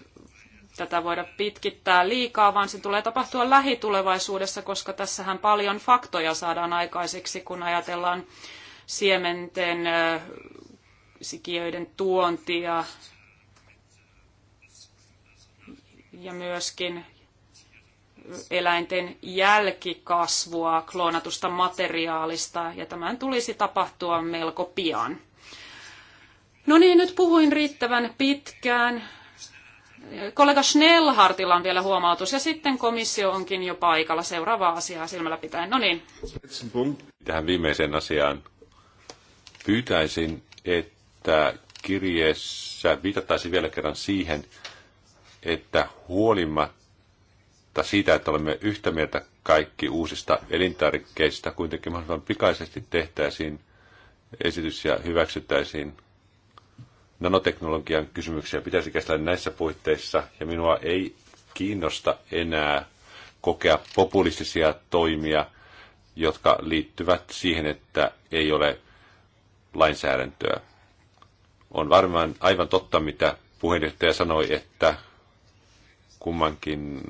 tätä voida pitkittää liikaa, vaan se tulee tapahtua lähitulevaisuudessa, koska tässähän paljon faktoja saadaan aikaiseksi, kun ajatellaan siementen, sikiöiden tuontia ja myöskin eläinten jälkikasvua kloonatusta materiaalista, ja tämän tulisi tapahtua melko pian. No niin, nyt puhuin riittävän pitkään. Kollega Schnellhartilla on vielä huomautus ja sitten komissio onkin jo paikalla seuraavaa asiaa silmällä pitäen. No niin. Tähän viimeiseen asiaan pyytäisin, että kirjeessä viitattaisiin vielä kerran siihen, että huolimatta siitä, että olemme yhtä mieltä kaikki uusista elintarvikkeista, kuitenkin mahdollisimman pikaisesti tehtäisiin esitys ja hyväksyttäisiin nanoteknologian kysymyksiä pitäisi käsitellä näissä puitteissa, ja minua ei kiinnosta enää kokea populistisia toimia, jotka liittyvät siihen, että ei ole lainsäädäntöä. On varmaan aivan totta, mitä puheenjohtaja sanoi, että kummankin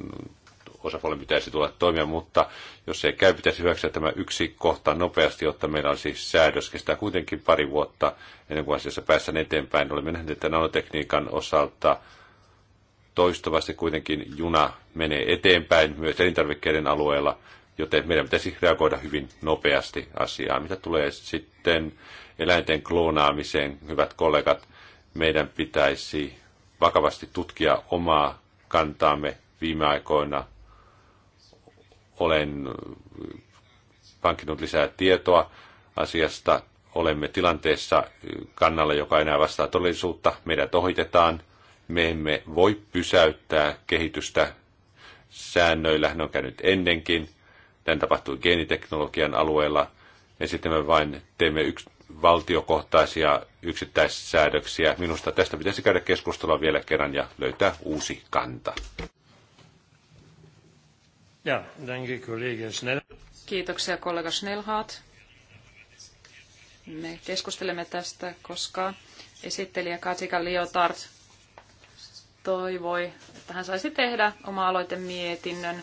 osapuolen pitäisi tulla toimia, mutta jos se ei käy, pitäisi hyväksyä tämä yksi kohta nopeasti, jotta meillä on siis säädös. Kestää kuitenkin pari vuotta ennen kuin asiassa päästään eteenpäin. Olemme nähneet, että nanotekniikan osalta toistuvasti kuitenkin juna menee eteenpäin myös elintarvikkeiden alueella, joten meidän pitäisi reagoida hyvin nopeasti asiaan. Mitä tulee sitten eläinten kloonaamiseen, hyvät kollegat, meidän pitäisi vakavasti tutkia omaa kantaamme viime aikoina olen pankkinut lisää tietoa asiasta. Olemme tilanteessa kannalla, joka enää vastaa todellisuutta. Meidät ohitetaan. Me emme voi pysäyttää kehitystä säännöillä. Ne on käynyt ennenkin. Tämä tapahtui geeniteknologian alueella. Ja sitten me vain teemme yksi valtiokohtaisia yksittäissäädöksiä. Minusta tästä pitäisi käydä keskustelua vielä kerran ja löytää uusi kanta. Ja, danke, kollega Schnell. Kiitoksia, kollega Schnellhaat. Me keskustelemme tästä, koska esittelijä Katika Liotard toivoi, että hän saisi tehdä oma-aloitemietinnön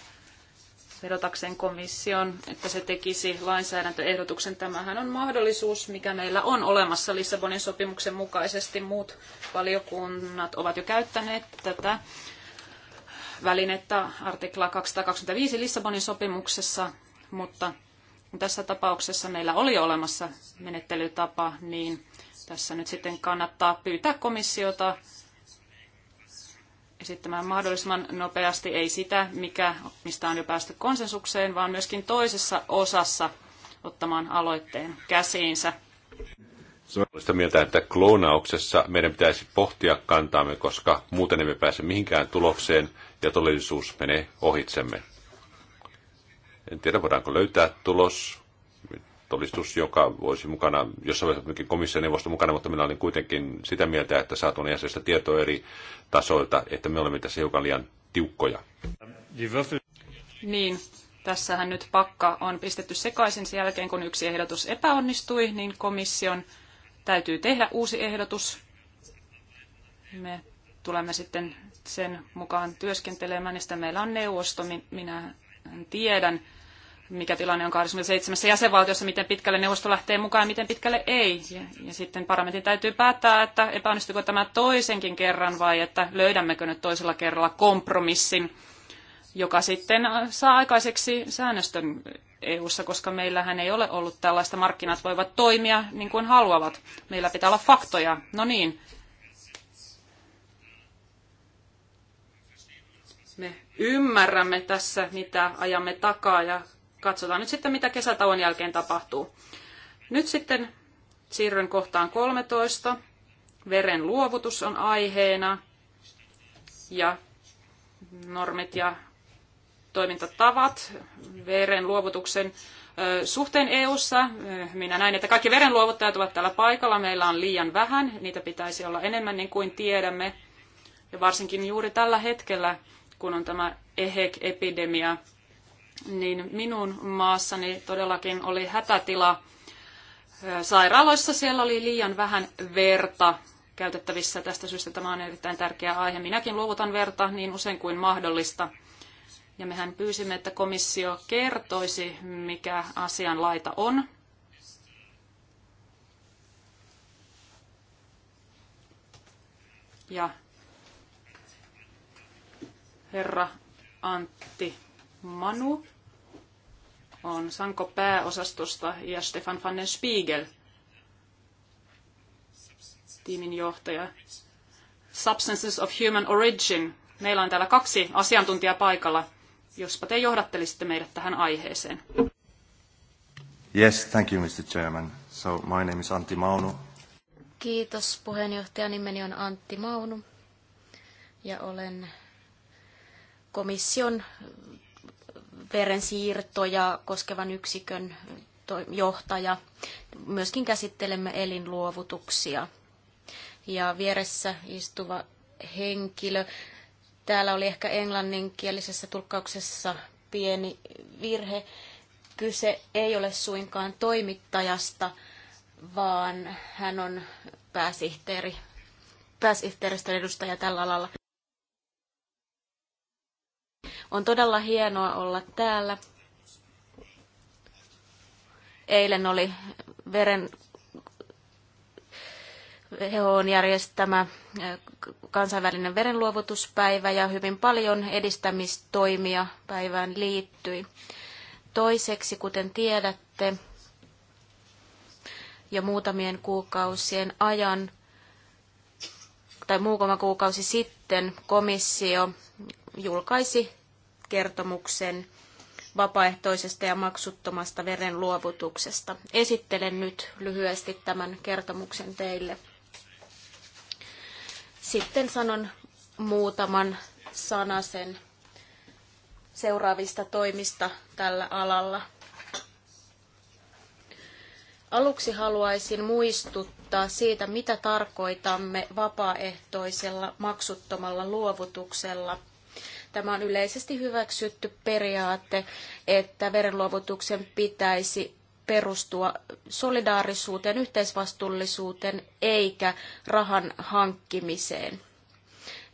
vedotakseen komission, että se tekisi lainsäädäntöehdotuksen. Tämähän on mahdollisuus, mikä meillä on olemassa Lissabonin sopimuksen mukaisesti. Muut valiokunnat ovat jo käyttäneet tätä välinettä, artikla 225 Lissabonin sopimuksessa, mutta tässä tapauksessa meillä oli olemassa menettelytapa, niin tässä nyt sitten kannattaa pyytää komissiota esittämään mahdollisimman nopeasti ei sitä, mikä, mistä on jo päästy konsensukseen, vaan myöskin toisessa osassa ottamaan aloitteen käsiinsä. Olen sitä mieltä, että kloonauksessa meidän pitäisi pohtia kantaamme, koska muuten emme pääse mihinkään tulokseen – ja todellisuus menee ohitsemme. En tiedä, voidaanko löytää tulos, todistus, joka voisi mukana, jossa olisi komission neuvosto mukana, mutta minä olin kuitenkin sitä mieltä, että saatuun jäsenistä tietoa eri tasoilta, että me olemme tässä hiukan liian tiukkoja. Niin, tässähän nyt pakka on pistetty sekaisin sen jälkeen, kun yksi ehdotus epäonnistui, niin komission täytyy tehdä uusi ehdotus. Me tulemme sitten sen mukaan työskentelemään. Ja sitten meillä on neuvosto, minä tiedän, mikä tilanne on 27 jäsenvaltiossa, miten pitkälle neuvosto lähtee mukaan ja miten pitkälle ei. Ja, ja sitten parlamentin täytyy päättää, että epäonnistuiko tämä toisenkin kerran vai että löydämmekö nyt toisella kerralla kompromissin, joka sitten saa aikaiseksi säännöstön EU-ssa, koska meillähän ei ole ollut tällaista. Markkinat voivat toimia niin kuin haluavat. Meillä pitää olla faktoja. No niin, me ymmärrämme tässä, mitä ajamme takaa ja katsotaan nyt sitten, mitä kesätauon jälkeen tapahtuu. Nyt sitten siirryn kohtaan 13. Veren luovutus on aiheena ja normit ja toimintatavat veren luovutuksen suhteen EU:ssa. Minä näin, että kaikki verenluovuttajat ovat täällä paikalla. Meillä on liian vähän, niitä pitäisi olla enemmän niin kuin tiedämme. Ja varsinkin juuri tällä hetkellä kun on tämä EHEC-epidemia, niin minun maassani todellakin oli hätätila. Sairaaloissa siellä oli liian vähän verta käytettävissä. Tästä syystä tämä on erittäin tärkeä aihe. Minäkin luovutan verta niin usein kuin mahdollista. Ja mehän pyysimme, että komissio kertoisi, mikä asian laita on. Ja herra Antti Manu on Sanko pääosastosta ja Stefan van den Spiegel, tiimin johtaja. Substances of Human Origin. Meillä on täällä kaksi asiantuntijaa paikalla. Jospa te johdattelisitte meidät tähän aiheeseen. Yes, thank you, Mr. Chairman. So, my name is Antti Maunu. Kiitos, puheenjohtaja. Nimeni on Antti Maunu ja olen komission verensiirtoja koskevan yksikön johtaja. Myöskin käsittelemme elinluovutuksia. Ja vieressä istuva henkilö. Täällä oli ehkä englanninkielisessä tulkkauksessa pieni virhe. Kyse ei ole suinkaan toimittajasta, vaan hän on pääsihteeri, pääsihteeristön edustaja tällä alalla. On todella hienoa olla täällä. Eilen oli veren on järjestämä kansainvälinen verenluovutuspäivä ja hyvin paljon edistämistoimia päivään liittyi. Toiseksi, kuten tiedätte, jo muutamien kuukausien ajan tai muutama kuukausi sitten komissio julkaisi kertomuksen vapaaehtoisesta ja maksuttomasta verenluovutuksesta. Esittelen nyt lyhyesti tämän kertomuksen teille. Sitten sanon muutaman sanasen seuraavista toimista tällä alalla. Aluksi haluaisin muistuttaa siitä, mitä tarkoitamme vapaaehtoisella maksuttomalla luovutuksella – Tämä on yleisesti hyväksytty periaate, että verenluovutuksen pitäisi perustua solidaarisuuteen, yhteisvastuullisuuteen eikä rahan hankkimiseen.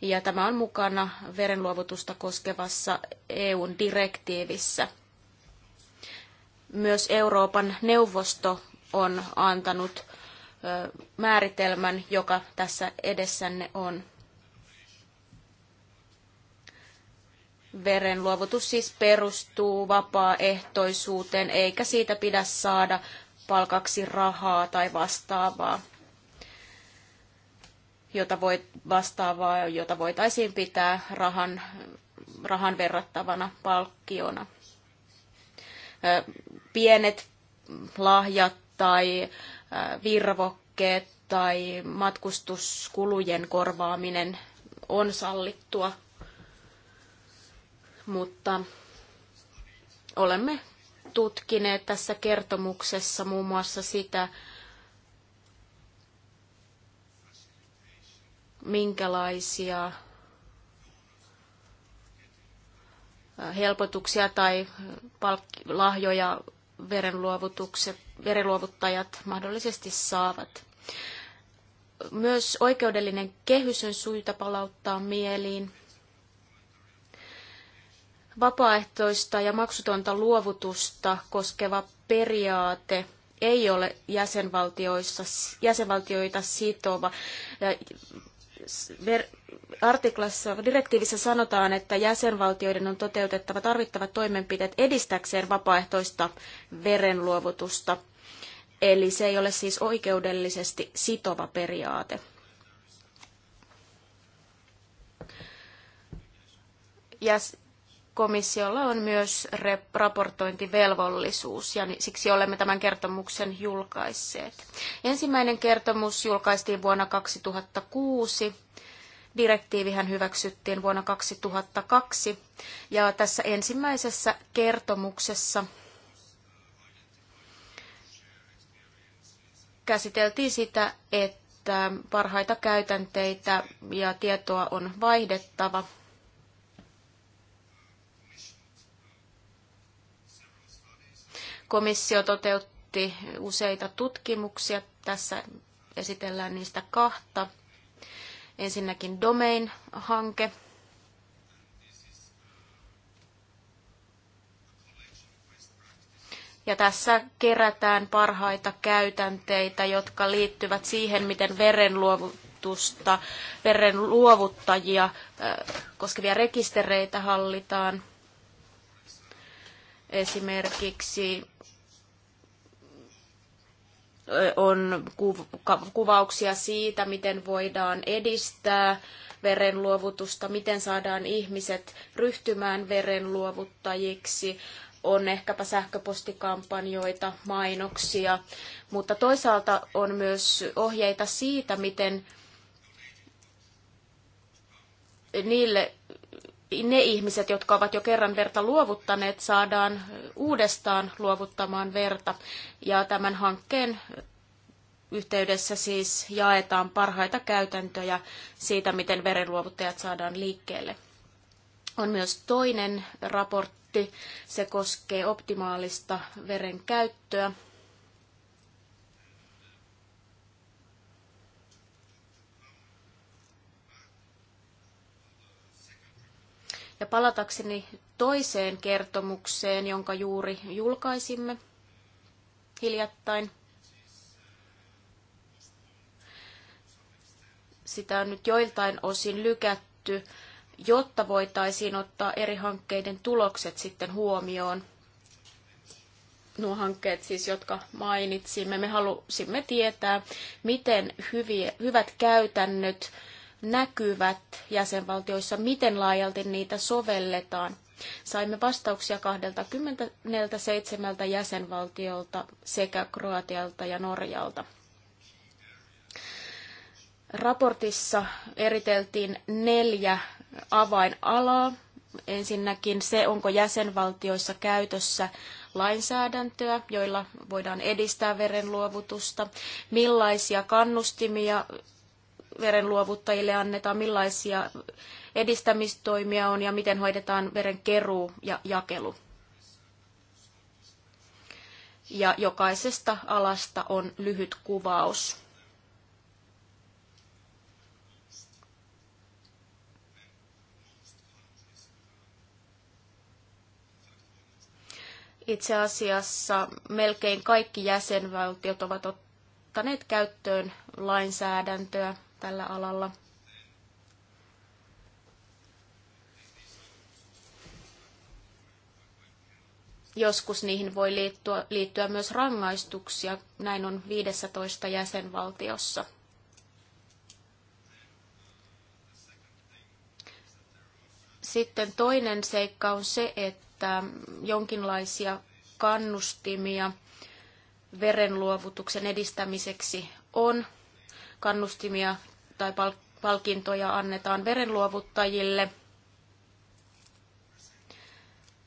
Ja tämä on mukana verenluovutusta koskevassa EUn direktiivissä. Myös Euroopan neuvosto on antanut määritelmän, joka tässä edessänne on. Verenluovutus siis perustuu vapaaehtoisuuteen, eikä siitä pidä saada palkaksi rahaa tai vastaavaa, jota, voi, vastaavaa, jota voitaisiin pitää rahan, rahan verrattavana palkkiona. Pienet lahjat tai virvokkeet tai matkustuskulujen korvaaminen on sallittua mutta olemme tutkineet tässä kertomuksessa muun muassa sitä, minkälaisia helpotuksia tai lahjoja verenluovutukset, verenluovuttajat mahdollisesti saavat. Myös oikeudellinen kehys on syytä palauttaa mieliin. Vapaaehtoista ja maksutonta luovutusta koskeva periaate ei ole jäsenvaltioissa, jäsenvaltioita sitova. Artiklassa direktiivissä sanotaan, että jäsenvaltioiden on toteutettava tarvittavat toimenpiteet edistäkseen vapaaehtoista verenluovutusta. Eli se ei ole siis oikeudellisesti sitova periaate. Ja komissiolla on myös raportointivelvollisuus ja siksi olemme tämän kertomuksen julkaisseet. Ensimmäinen kertomus julkaistiin vuonna 2006. Direktiivihän hyväksyttiin vuonna 2002 ja tässä ensimmäisessä kertomuksessa käsiteltiin sitä, että parhaita käytänteitä ja tietoa on vaihdettava – Komissio toteutti useita tutkimuksia. Tässä esitellään niistä kahta. Ensinnäkin Domain-hanke. Ja tässä kerätään parhaita käytänteitä, jotka liittyvät siihen, miten verenluovutusta, verenluovuttajia äh, koskevia rekistereitä hallitaan – Esimerkiksi on kuvauksia siitä, miten voidaan edistää verenluovutusta, miten saadaan ihmiset ryhtymään verenluovuttajiksi. On ehkäpä sähköpostikampanjoita, mainoksia, mutta toisaalta on myös ohjeita siitä, miten niille ne ihmiset, jotka ovat jo kerran verta luovuttaneet, saadaan uudestaan luovuttamaan verta. Ja tämän hankkeen yhteydessä siis jaetaan parhaita käytäntöjä siitä, miten verenluovuttajat saadaan liikkeelle. On myös toinen raportti, se koskee optimaalista veren käyttöä Ja palatakseni toiseen kertomukseen, jonka juuri julkaisimme hiljattain. Sitä on nyt joiltain osin lykätty, jotta voitaisiin ottaa eri hankkeiden tulokset sitten huomioon nuo hankkeet siis, jotka mainitsimme. Me halusimme tietää, miten hyviä, hyvät käytännöt näkyvät jäsenvaltioissa, miten laajalti niitä sovelletaan. Saimme vastauksia 27 jäsenvaltiolta sekä Kroatialta ja Norjalta. Raportissa eriteltiin neljä avainalaa. Ensinnäkin se, onko jäsenvaltioissa käytössä lainsäädäntöä, joilla voidaan edistää verenluovutusta, millaisia kannustimia verenluovuttajille annetaan, millaisia edistämistoimia on ja miten hoidetaan veren keruu ja jakelu. Ja jokaisesta alasta on lyhyt kuvaus. Itse asiassa melkein kaikki jäsenvaltiot ovat ottaneet käyttöön lainsäädäntöä tällä alalla. Joskus niihin voi liittyä, liittyä myös rangaistuksia, näin on 15 jäsenvaltiossa. Sitten toinen seikka on se, että jonkinlaisia kannustimia verenluovutuksen edistämiseksi on. Kannustimia tai palkintoja annetaan verenluovuttajille.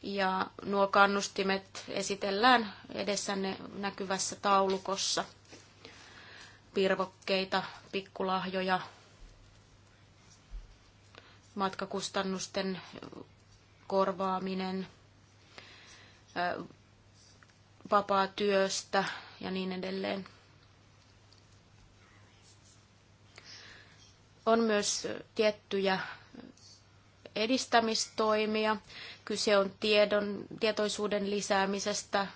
Ja nuo kannustimet esitellään edessänne näkyvässä taulukossa. Pirvokkeita, pikkulahjoja, matkakustannusten korvaaminen, vapaa työstä ja niin edelleen. On myös tiettyjä edistämistoimia. Kyse on tiedon, tietoisuuden lisäämisestä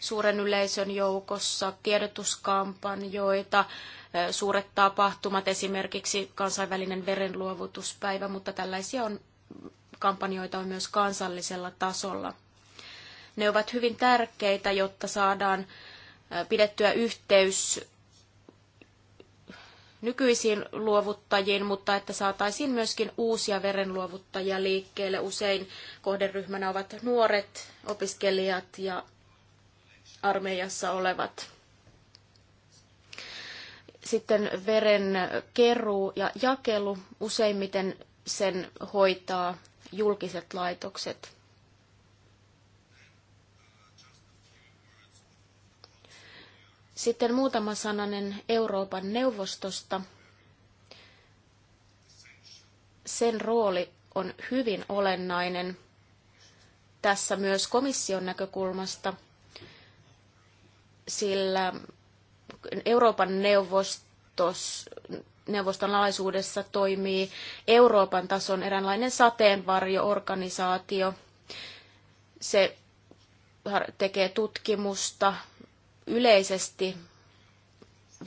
suuren yleisön joukossa, tiedotuskampanjoita, suuret tapahtumat, esimerkiksi kansainvälinen verenluovutuspäivä, mutta tällaisia on, kampanjoita on myös kansallisella tasolla. Ne ovat hyvin tärkeitä, jotta saadaan pidettyä yhteys nykyisiin luovuttajiin, mutta että saataisiin myöskin uusia verenluovuttajia liikkeelle. Usein kohderyhmänä ovat nuoret, opiskelijat ja armeijassa olevat. Sitten veren keruu ja jakelu, useimmiten sen hoitaa julkiset laitokset. Sitten muutama sananen Euroopan neuvostosta. Sen rooli on hyvin olennainen tässä myös komission näkökulmasta, sillä Euroopan neuvostos, neuvoston alaisuudessa toimii Euroopan tason eräänlainen sateenvarjoorganisaatio. Se tekee tutkimusta yleisesti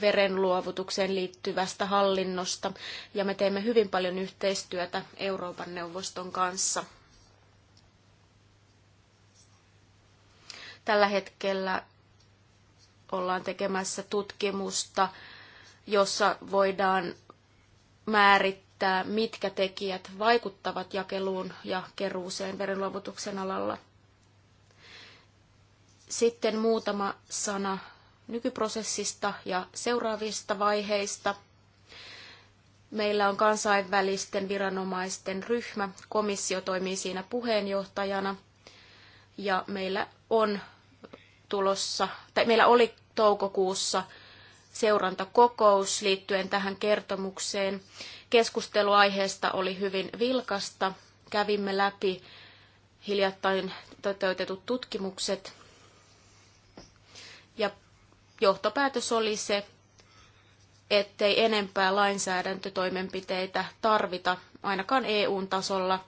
verenluovutukseen liittyvästä hallinnosta ja me teemme hyvin paljon yhteistyötä Euroopan neuvoston kanssa. Tällä hetkellä ollaan tekemässä tutkimusta, jossa voidaan määrittää, mitkä tekijät vaikuttavat jakeluun ja keruuseen verenluovutuksen alalla – sitten muutama sana nykyprosessista ja seuraavista vaiheista. Meillä on kansainvälisten viranomaisten ryhmä, komissio toimii siinä puheenjohtajana ja meillä on tulossa, tai meillä oli toukokuussa seurantakokous liittyen tähän kertomukseen. keskusteluaiheesta oli hyvin vilkasta. Kävimme läpi hiljattain toteutetut tutkimukset johtopäätös oli se, ettei enempää lainsäädäntötoimenpiteitä tarvita ainakaan EU-tasolla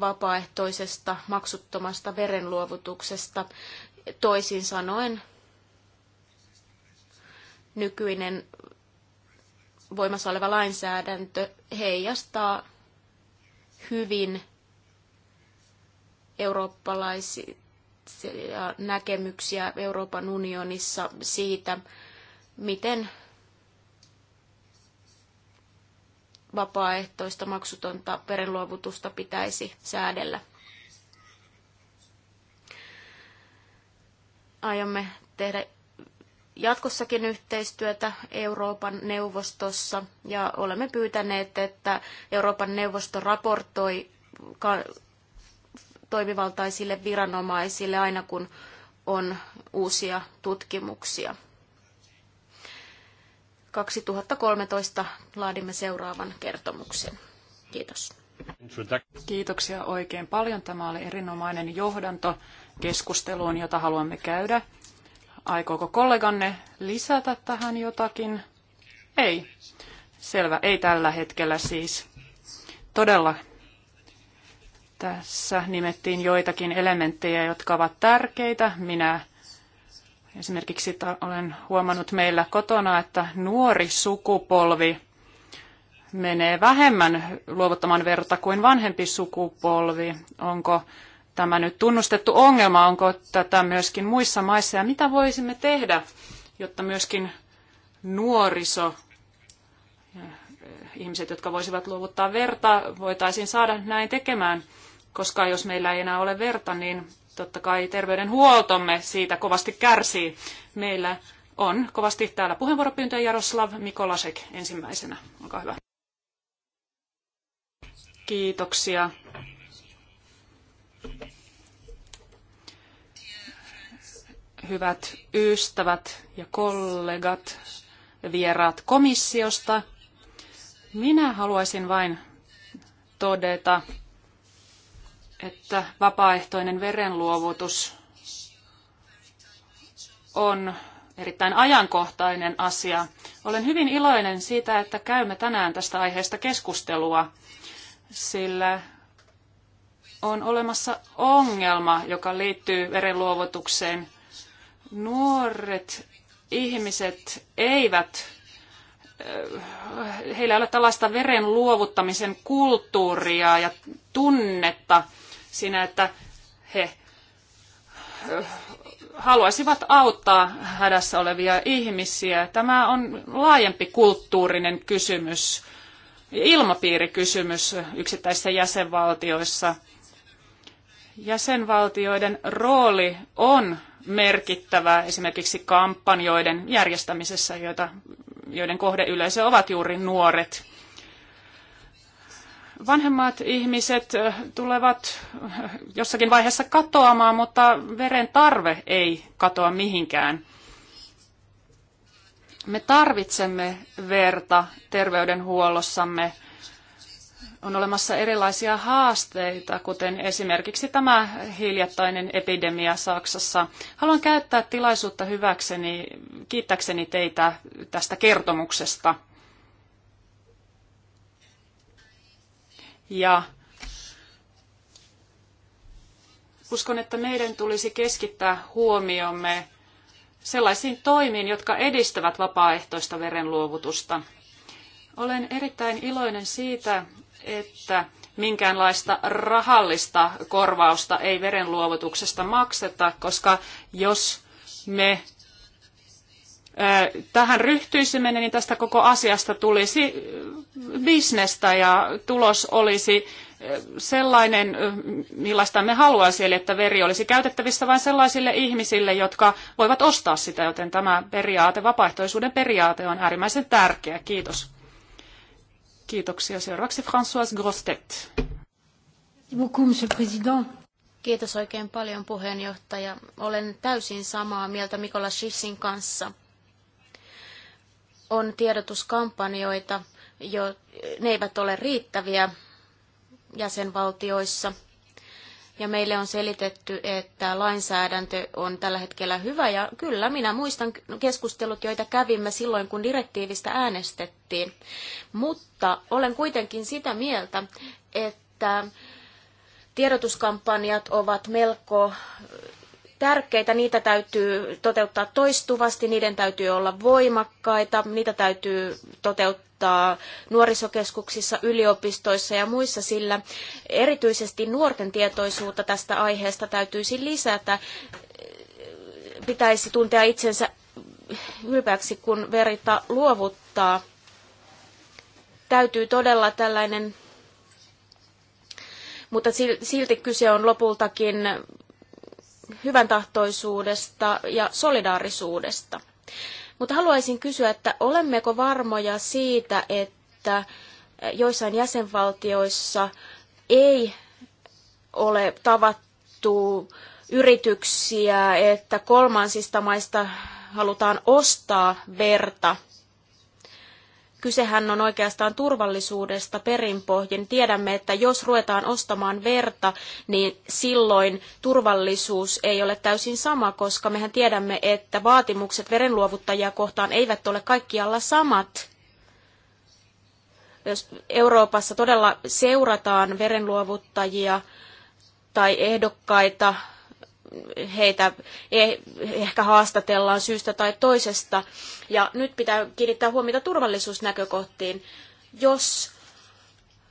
vapaaehtoisesta maksuttomasta verenluovutuksesta. Toisin sanoen nykyinen voimassa oleva lainsäädäntö heijastaa hyvin eurooppalaisia näkemyksiä Euroopan unionissa siitä, miten vapaaehtoista maksutonta verenluovutusta pitäisi säädellä. Aiomme tehdä jatkossakin yhteistyötä Euroopan neuvostossa ja olemme pyytäneet, että Euroopan neuvosto raportoi toimivaltaisille viranomaisille aina kun on uusia tutkimuksia. 2013 laadimme seuraavan kertomuksen. Kiitos. Kiitoksia oikein paljon. Tämä oli erinomainen johdanto keskusteluun, jota haluamme käydä. Aikooko kolleganne lisätä tähän jotakin? Ei. Selvä, ei tällä hetkellä siis. Todella tässä nimettiin joitakin elementtejä, jotka ovat tärkeitä. Minä esimerkiksi olen huomannut meillä kotona, että nuori sukupolvi menee vähemmän luovuttamaan verta kuin vanhempi sukupolvi. Onko tämä nyt tunnustettu ongelma? Onko tätä myöskin muissa maissa? Ja mitä voisimme tehdä, jotta myöskin nuoriso, eh, ihmiset, jotka voisivat luovuttaa verta, voitaisiin saada näin tekemään – koska jos meillä ei enää ole verta, niin totta kai terveydenhuoltomme siitä kovasti kärsii. Meillä on kovasti täällä puheenvuoropyyntöjä Jaroslav Mikolasek ensimmäisenä. Olkaa hyvä. Kiitoksia. Hyvät ystävät ja kollegat, vieraat komissiosta. Minä haluaisin vain todeta, että vapaaehtoinen verenluovutus on erittäin ajankohtainen asia. Olen hyvin iloinen siitä, että käymme tänään tästä aiheesta keskustelua, sillä on olemassa ongelma, joka liittyy verenluovutukseen. Nuoret ihmiset eivät, eh, heillä ei ole tällaista verenluovuttamisen kulttuuria ja tunnetta, siinä, että he haluaisivat auttaa hädässä olevia ihmisiä. Tämä on laajempi kulttuurinen kysymys, ilmapiirikysymys yksittäisissä jäsenvaltioissa. Jäsenvaltioiden rooli on merkittävä esimerkiksi kampanjoiden järjestämisessä, joita, joiden kohdeyleisö ovat juuri nuoret vanhemmat ihmiset tulevat jossakin vaiheessa katoamaan, mutta veren tarve ei katoa mihinkään. Me tarvitsemme verta terveydenhuollossamme. On olemassa erilaisia haasteita, kuten esimerkiksi tämä hiljattainen epidemia Saksassa. Haluan käyttää tilaisuutta hyväkseni, kiittäkseni teitä tästä kertomuksesta. Ja uskon, että meidän tulisi keskittää huomiomme sellaisiin toimiin, jotka edistävät vapaaehtoista verenluovutusta. Olen erittäin iloinen siitä, että minkäänlaista rahallista korvausta ei verenluovutuksesta makseta, koska jos me tähän ryhtyisimme, niin tästä koko asiasta tulisi bisnestä ja tulos olisi sellainen, millaista me haluaisi, eli että veri olisi käytettävissä vain sellaisille ihmisille, jotka voivat ostaa sitä, joten tämä periaate, vapaaehtoisuuden periaate on äärimmäisen tärkeä. Kiitos. Kiitoksia. Seuraavaksi François Grostet. Kiitos oikein paljon puheenjohtaja. Olen täysin samaa mieltä Mikola Schissin kanssa on tiedotuskampanjoita, jo, ne eivät ole riittäviä jäsenvaltioissa. Ja meille on selitetty, että lainsäädäntö on tällä hetkellä hyvä. Ja kyllä, minä muistan keskustelut, joita kävimme silloin, kun direktiivistä äänestettiin. Mutta olen kuitenkin sitä mieltä, että tiedotuskampanjat ovat melko tärkeitä, niitä täytyy toteuttaa toistuvasti, niiden täytyy olla voimakkaita, niitä täytyy toteuttaa nuorisokeskuksissa, yliopistoissa ja muissa, sillä erityisesti nuorten tietoisuutta tästä aiheesta täytyisi lisätä. Pitäisi tuntea itsensä ylpeäksi, kun verita luovuttaa. Täytyy todella tällainen mutta silti kyse on lopultakin hyvän tahtoisuudesta ja solidaarisuudesta. Mutta haluaisin kysyä, että olemmeko varmoja siitä, että joissain jäsenvaltioissa ei ole tavattu yrityksiä, että kolmansista maista halutaan ostaa verta Kysehän on oikeastaan turvallisuudesta perinpohjin. Tiedämme, että jos ruvetaan ostamaan verta, niin silloin turvallisuus ei ole täysin sama, koska mehän tiedämme, että vaatimukset verenluovuttajia kohtaan eivät ole kaikkialla samat. Jos Euroopassa todella seurataan verenluovuttajia tai ehdokkaita heitä eh, ehkä haastatellaan syystä tai toisesta. Ja nyt pitää kiinnittää huomiota turvallisuusnäkökohtiin. Jos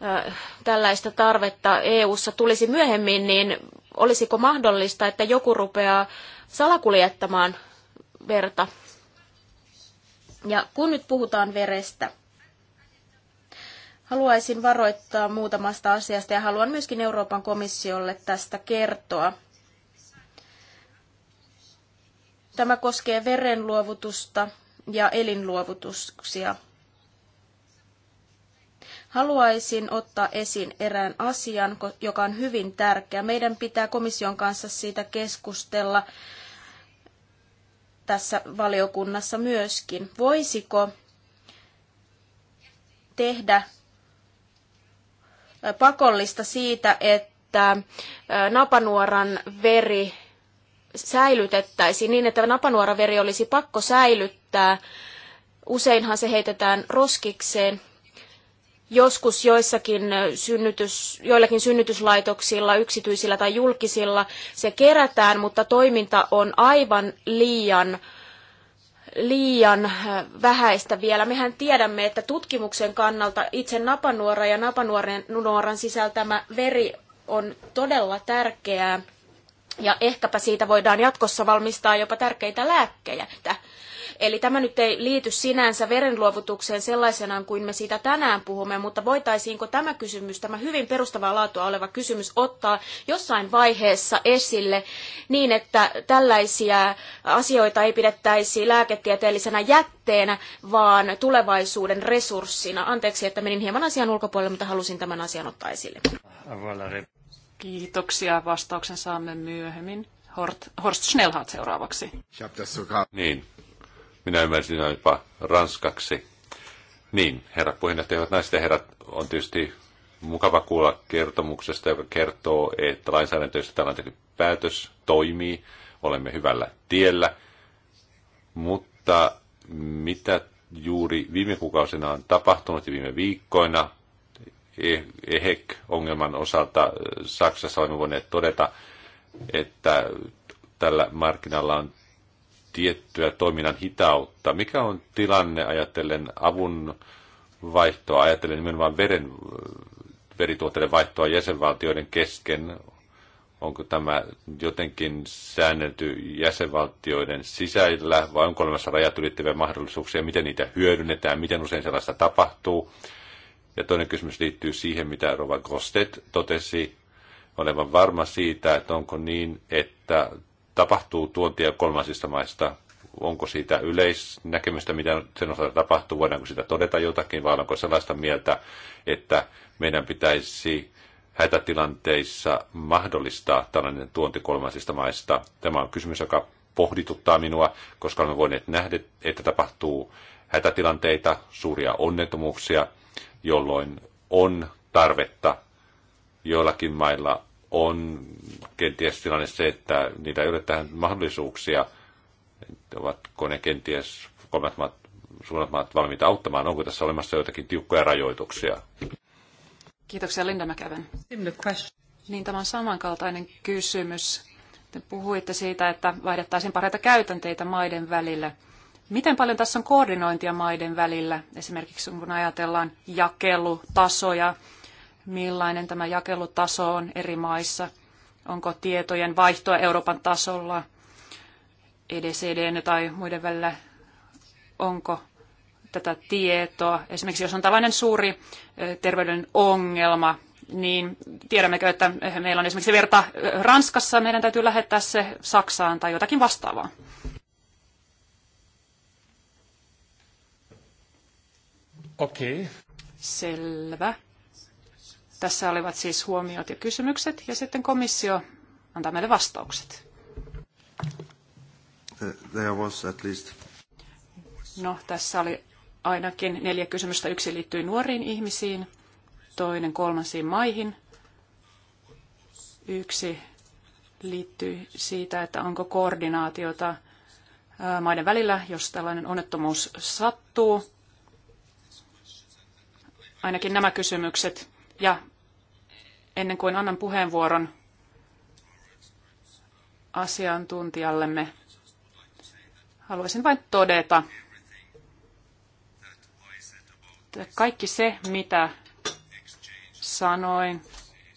äh, tällaista tarvetta EU:ssa tulisi myöhemmin, niin olisiko mahdollista, että joku rupeaa salakuljettamaan verta? Ja kun nyt puhutaan verestä, haluaisin varoittaa muutamasta asiasta ja haluan myöskin Euroopan komissiolle tästä kertoa. Tämä koskee verenluovutusta ja elinluovutuksia. Haluaisin ottaa esiin erään asian, joka on hyvin tärkeä. Meidän pitää komission kanssa siitä keskustella tässä valiokunnassa myöskin. Voisiko tehdä pakollista siitä, että napanuoran veri säilytettäisiin niin, että napanuoraveri olisi pakko säilyttää. Useinhan se heitetään roskikseen. Joskus joissakin synnytys, joillakin synnytyslaitoksilla, yksityisillä tai julkisilla se kerätään, mutta toiminta on aivan liian liian vähäistä vielä. Mehän tiedämme, että tutkimuksen kannalta itse napanuora ja napanuoren nuoran sisältämä veri on todella tärkeää ja ehkäpä siitä voidaan jatkossa valmistaa jopa tärkeitä lääkkeitä. Eli tämä nyt ei liity sinänsä verenluovutukseen sellaisenaan kuin me siitä tänään puhumme, mutta voitaisiinko tämä kysymys, tämä hyvin perustavaa laatua oleva kysymys ottaa jossain vaiheessa esille niin, että tällaisia asioita ei pidettäisi lääketieteellisenä jätteenä, vaan tulevaisuuden resurssina. Anteeksi, että menin hieman asian ulkopuolelle, mutta halusin tämän asian ottaa esille. Kiitoksia. Vastauksen saamme myöhemmin. Horst Schnellhaat seuraavaksi. Niin, minä ymmärsin jopa ranskaksi. Niin, herra puheenjohtaja, hyvät naiset ja herrat, on tietysti mukava kuulla kertomuksesta, joka kertoo, että lainsäädäntöistä tällainen päätös toimii, olemme hyvällä tiellä. Mutta mitä juuri viime kuukausina on tapahtunut ja viime viikkoina, EHEC-ongelman e osalta äh, Saksassa olemme voineet todeta, että tällä markkinalla on tiettyä toiminnan hitautta. Mikä on tilanne ajatellen avun vaihtoa, ajatellen nimenomaan veren, äh, verituotteiden vaihtoa jäsenvaltioiden kesken? Onko tämä jotenkin säännelty jäsenvaltioiden sisällä vai onko olemassa rajat ylittäviä mahdollisuuksia? Miten niitä hyödynnetään? Miten usein sellaista tapahtuu? Ja toinen kysymys liittyy siihen, mitä Rova Gostet totesi. Olevan varma siitä, että onko niin, että tapahtuu tuontia kolmansista maista. Onko siitä yleisnäkemystä, mitä sen osalta tapahtuu, voidaanko sitä todeta jotakin, vai onko sellaista mieltä, että meidän pitäisi hätätilanteissa mahdollistaa tällainen tuonti kolmansista maista. Tämä on kysymys, joka pohdituttaa minua, koska olemme voineet nähdä, että tapahtuu hätätilanteita, suuria onnettomuuksia – jolloin on tarvetta joillakin mailla on kenties tilanne se, että niitä ei ole tähän mahdollisuuksia, ovatko ne kenties kolmat maat, suunnat maat valmiita auttamaan, onko tässä olemassa joitakin tiukkoja rajoituksia? Kiitoksia Linda Mäkäven. Niin tämä on samankaltainen kysymys. Te puhuitte siitä, että vaihdettaisiin parhaita käytänteitä maiden välillä – Miten paljon tässä on koordinointia maiden välillä, esimerkiksi kun ajatellaan jakelutasoja, millainen tämä jakelutaso on eri maissa, onko tietojen vaihtoa Euroopan tasolla, EDCDn tai muiden välillä, onko tätä tietoa. Esimerkiksi jos on tällainen suuri terveyden ongelma, niin tiedämmekö, että meillä on esimerkiksi verta Ranskassa, meidän täytyy lähettää se Saksaan tai jotakin vastaavaa. Okei. Selvä. Tässä olivat siis huomiot ja kysymykset, ja sitten komissio antaa meille vastaukset. There was at least... No, tässä oli ainakin neljä kysymystä. Yksi liittyi nuoriin ihmisiin, toinen kolmansiin maihin. Yksi liittyy siitä, että onko koordinaatiota maiden välillä, jos tällainen onnettomuus sattuu ainakin nämä kysymykset. Ja ennen kuin annan puheenvuoron asiantuntijallemme, haluaisin vain todeta, että kaikki se, mitä sanoin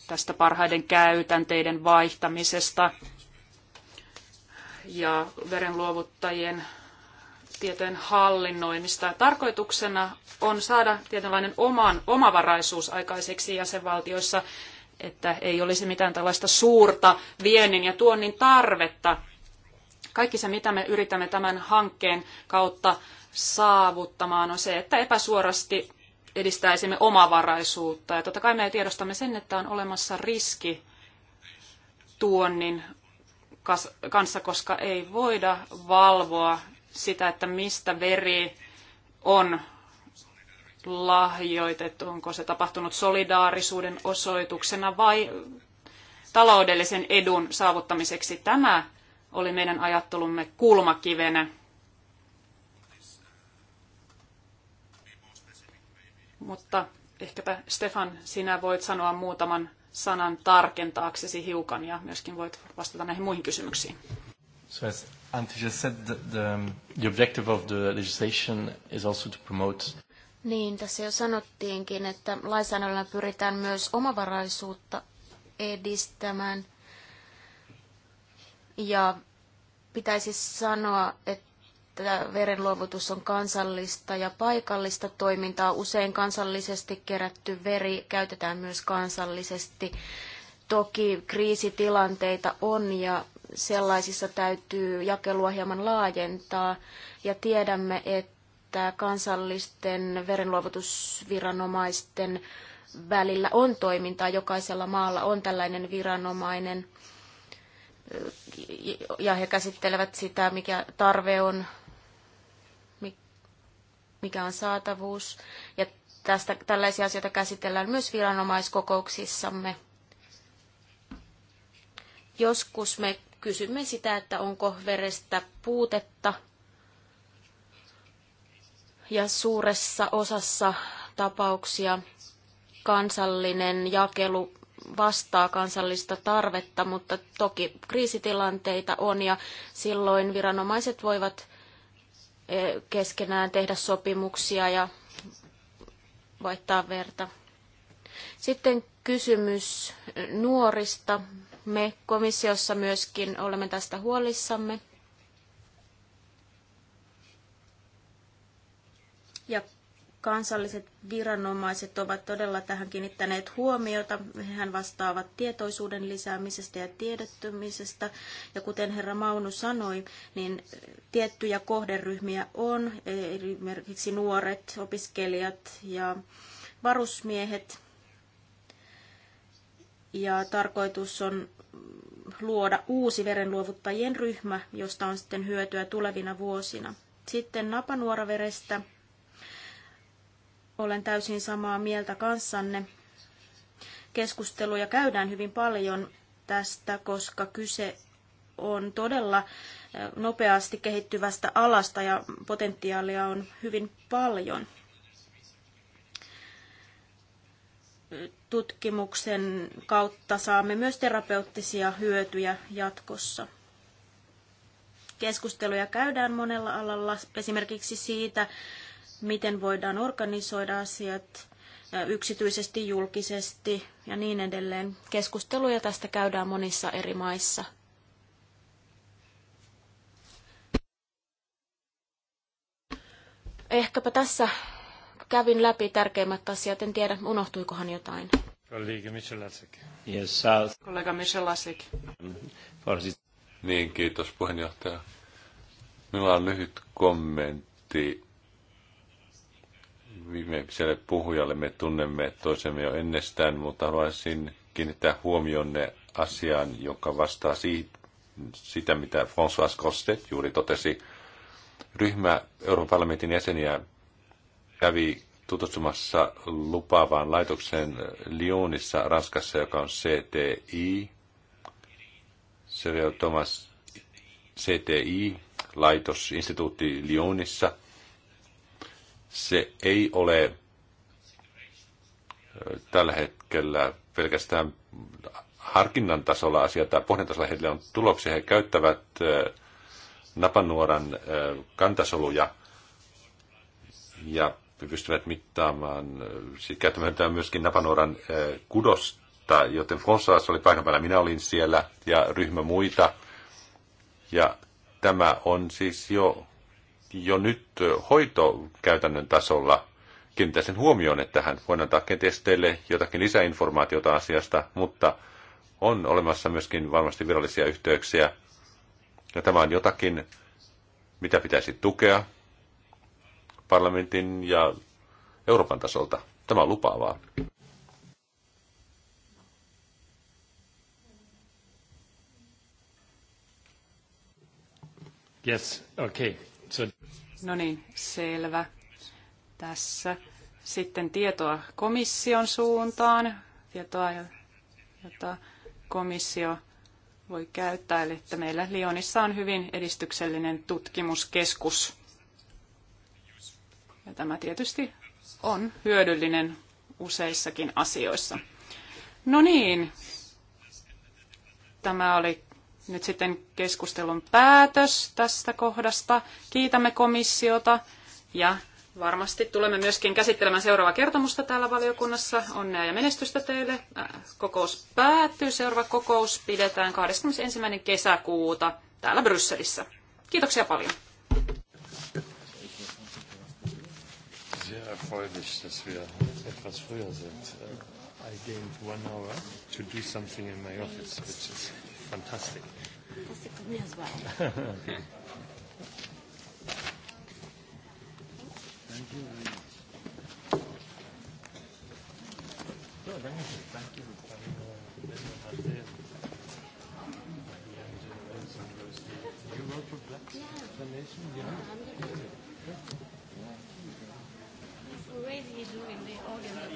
tästä parhaiden käytänteiden vaihtamisesta ja verenluovuttajien tietojen hallinnoinnista. Tarkoituksena on saada tietynlainen oman, omavaraisuus aikaiseksi jäsenvaltioissa, että ei olisi mitään tällaista suurta viennin ja tuonnin tarvetta. Kaikki se, mitä me yritämme tämän hankkeen kautta saavuttamaan, on se, että epäsuorasti edistäisimme omavaraisuutta. Ja totta kai me tiedostamme sen, että on olemassa riski tuonnin kanssa, koska ei voida valvoa sitä, että mistä veri on lahjoitettu, onko se tapahtunut solidaarisuuden osoituksena vai taloudellisen edun saavuttamiseksi. Tämä oli meidän ajattelumme kulmakivenä. Mutta ehkäpä Stefan, sinä voit sanoa muutaman sanan tarkentaaksesi hiukan ja myöskin voit vastata näihin muihin kysymyksiin you just said that the, um, the objective of the legislation is also to promote niin, tässä jo sanottiinkin, että lainsäädännöllä pyritään myös omavaraisuutta edistämään. Ja pitäisi sanoa, että verenluovutus on kansallista ja paikallista toimintaa. Usein kansallisesti kerätty veri käytetään myös kansallisesti. Toki kriisitilanteita on ja sellaisissa täytyy jakelua hieman laajentaa ja tiedämme, että kansallisten verenluovutusviranomaisten välillä on toimintaa. Jokaisella maalla on tällainen viranomainen ja he käsittelevät sitä, mikä tarve on, mikä on saatavuus. Ja tästä, tällaisia asioita käsitellään myös viranomaiskokouksissamme. Joskus me kysymme sitä, että onko verestä puutetta. Ja suuressa osassa tapauksia kansallinen jakelu vastaa kansallista tarvetta, mutta toki kriisitilanteita on ja silloin viranomaiset voivat e, keskenään tehdä sopimuksia ja vaihtaa verta. Sitten kysymys nuorista me komissiossa myöskin olemme tästä huolissamme. Ja kansalliset viranomaiset ovat todella tähän kiinnittäneet huomiota. Hän vastaavat tietoisuuden lisäämisestä ja tiedottumisesta. Ja kuten herra Maunu sanoi, niin tiettyjä kohderyhmiä on, esimerkiksi nuoret, opiskelijat ja varusmiehet. Ja tarkoitus on luoda uusi verenluovuttajien ryhmä, josta on sitten hyötyä tulevina vuosina. Sitten napanuoraverestä olen täysin samaa mieltä kanssanne. Keskusteluja käydään hyvin paljon tästä, koska kyse on todella eh, nopeasti kehittyvästä alasta ja potentiaalia on hyvin paljon. tutkimuksen kautta saamme myös terapeuttisia hyötyjä jatkossa. Keskusteluja käydään monella alalla, esimerkiksi siitä, miten voidaan organisoida asiat yksityisesti, julkisesti ja niin edelleen. Keskusteluja tästä käydään monissa eri maissa. Ehkäpä tässä kävin läpi tärkeimmät asiat. En tiedä, unohtuikohan jotain. Kollega Michelasek. Yes, Kollega Michelasek. Niin, kiitos puheenjohtaja. Minulla on lyhyt kommentti viimeiselle puhujalle. Me tunnemme toisemme jo ennestään, mutta haluaisin kiinnittää huomionne asiaan, joka vastaa siitä, sitä, mitä François Costet juuri totesi. Ryhmä Euroopan parlamentin jäseniä kävi tutustumassa lupaavaan laitokseen Lyonissa, Ranskassa, joka on CTI, Serial Thomas CTI, laitos, instituutti Lyonissa. Se ei ole tällä hetkellä pelkästään harkinnan tasolla asia tai pohdinnan tasolla heille on tuloksia. He käyttävät napanuoran kantasoluja ja pystyvät mittaamaan, äh, siis käyttämään myöskin Napanoran äh, kudosta, joten François oli paikan päällä, minä olin siellä ja ryhmä muita. Ja tämä on siis jo, jo nyt äh, hoitokäytännön tasolla. sen huomioon, että hän voi antaa kenties teille jotakin lisäinformaatiota asiasta, mutta on olemassa myöskin varmasti virallisia yhteyksiä. Ja tämä on jotakin, mitä pitäisi tukea, parlamentin ja Euroopan tasolta. Tämä on lupaavaa. Yes, okay. So... No niin, selvä. Tässä sitten tietoa komission suuntaan, tietoa, jota komissio voi käyttää. Eli että meillä Lionissa on hyvin edistyksellinen tutkimuskeskus. Ja tämä tietysti on hyödyllinen useissakin asioissa. No niin, tämä oli nyt sitten keskustelun päätös tästä kohdasta. Kiitämme komissiota ja varmasti tulemme myöskin käsittelemään seuraavaa kertomusta täällä valiokunnassa. Onnea ja menestystä teille. Äh, kokous päättyy. Seuraava kokous pidetään 21. kesäkuuta täällä Brysselissä. Kiitoksia paljon. freue mich, dass wir etwas früher sind. Uh, I gained one hour to do something in my office, which is fantastic. Fantastic for me as well. okay. Thank you very much. So, oh, thank you. Thank you. You work for Black yeah. Foundation? Yeah. yeah already doing the organ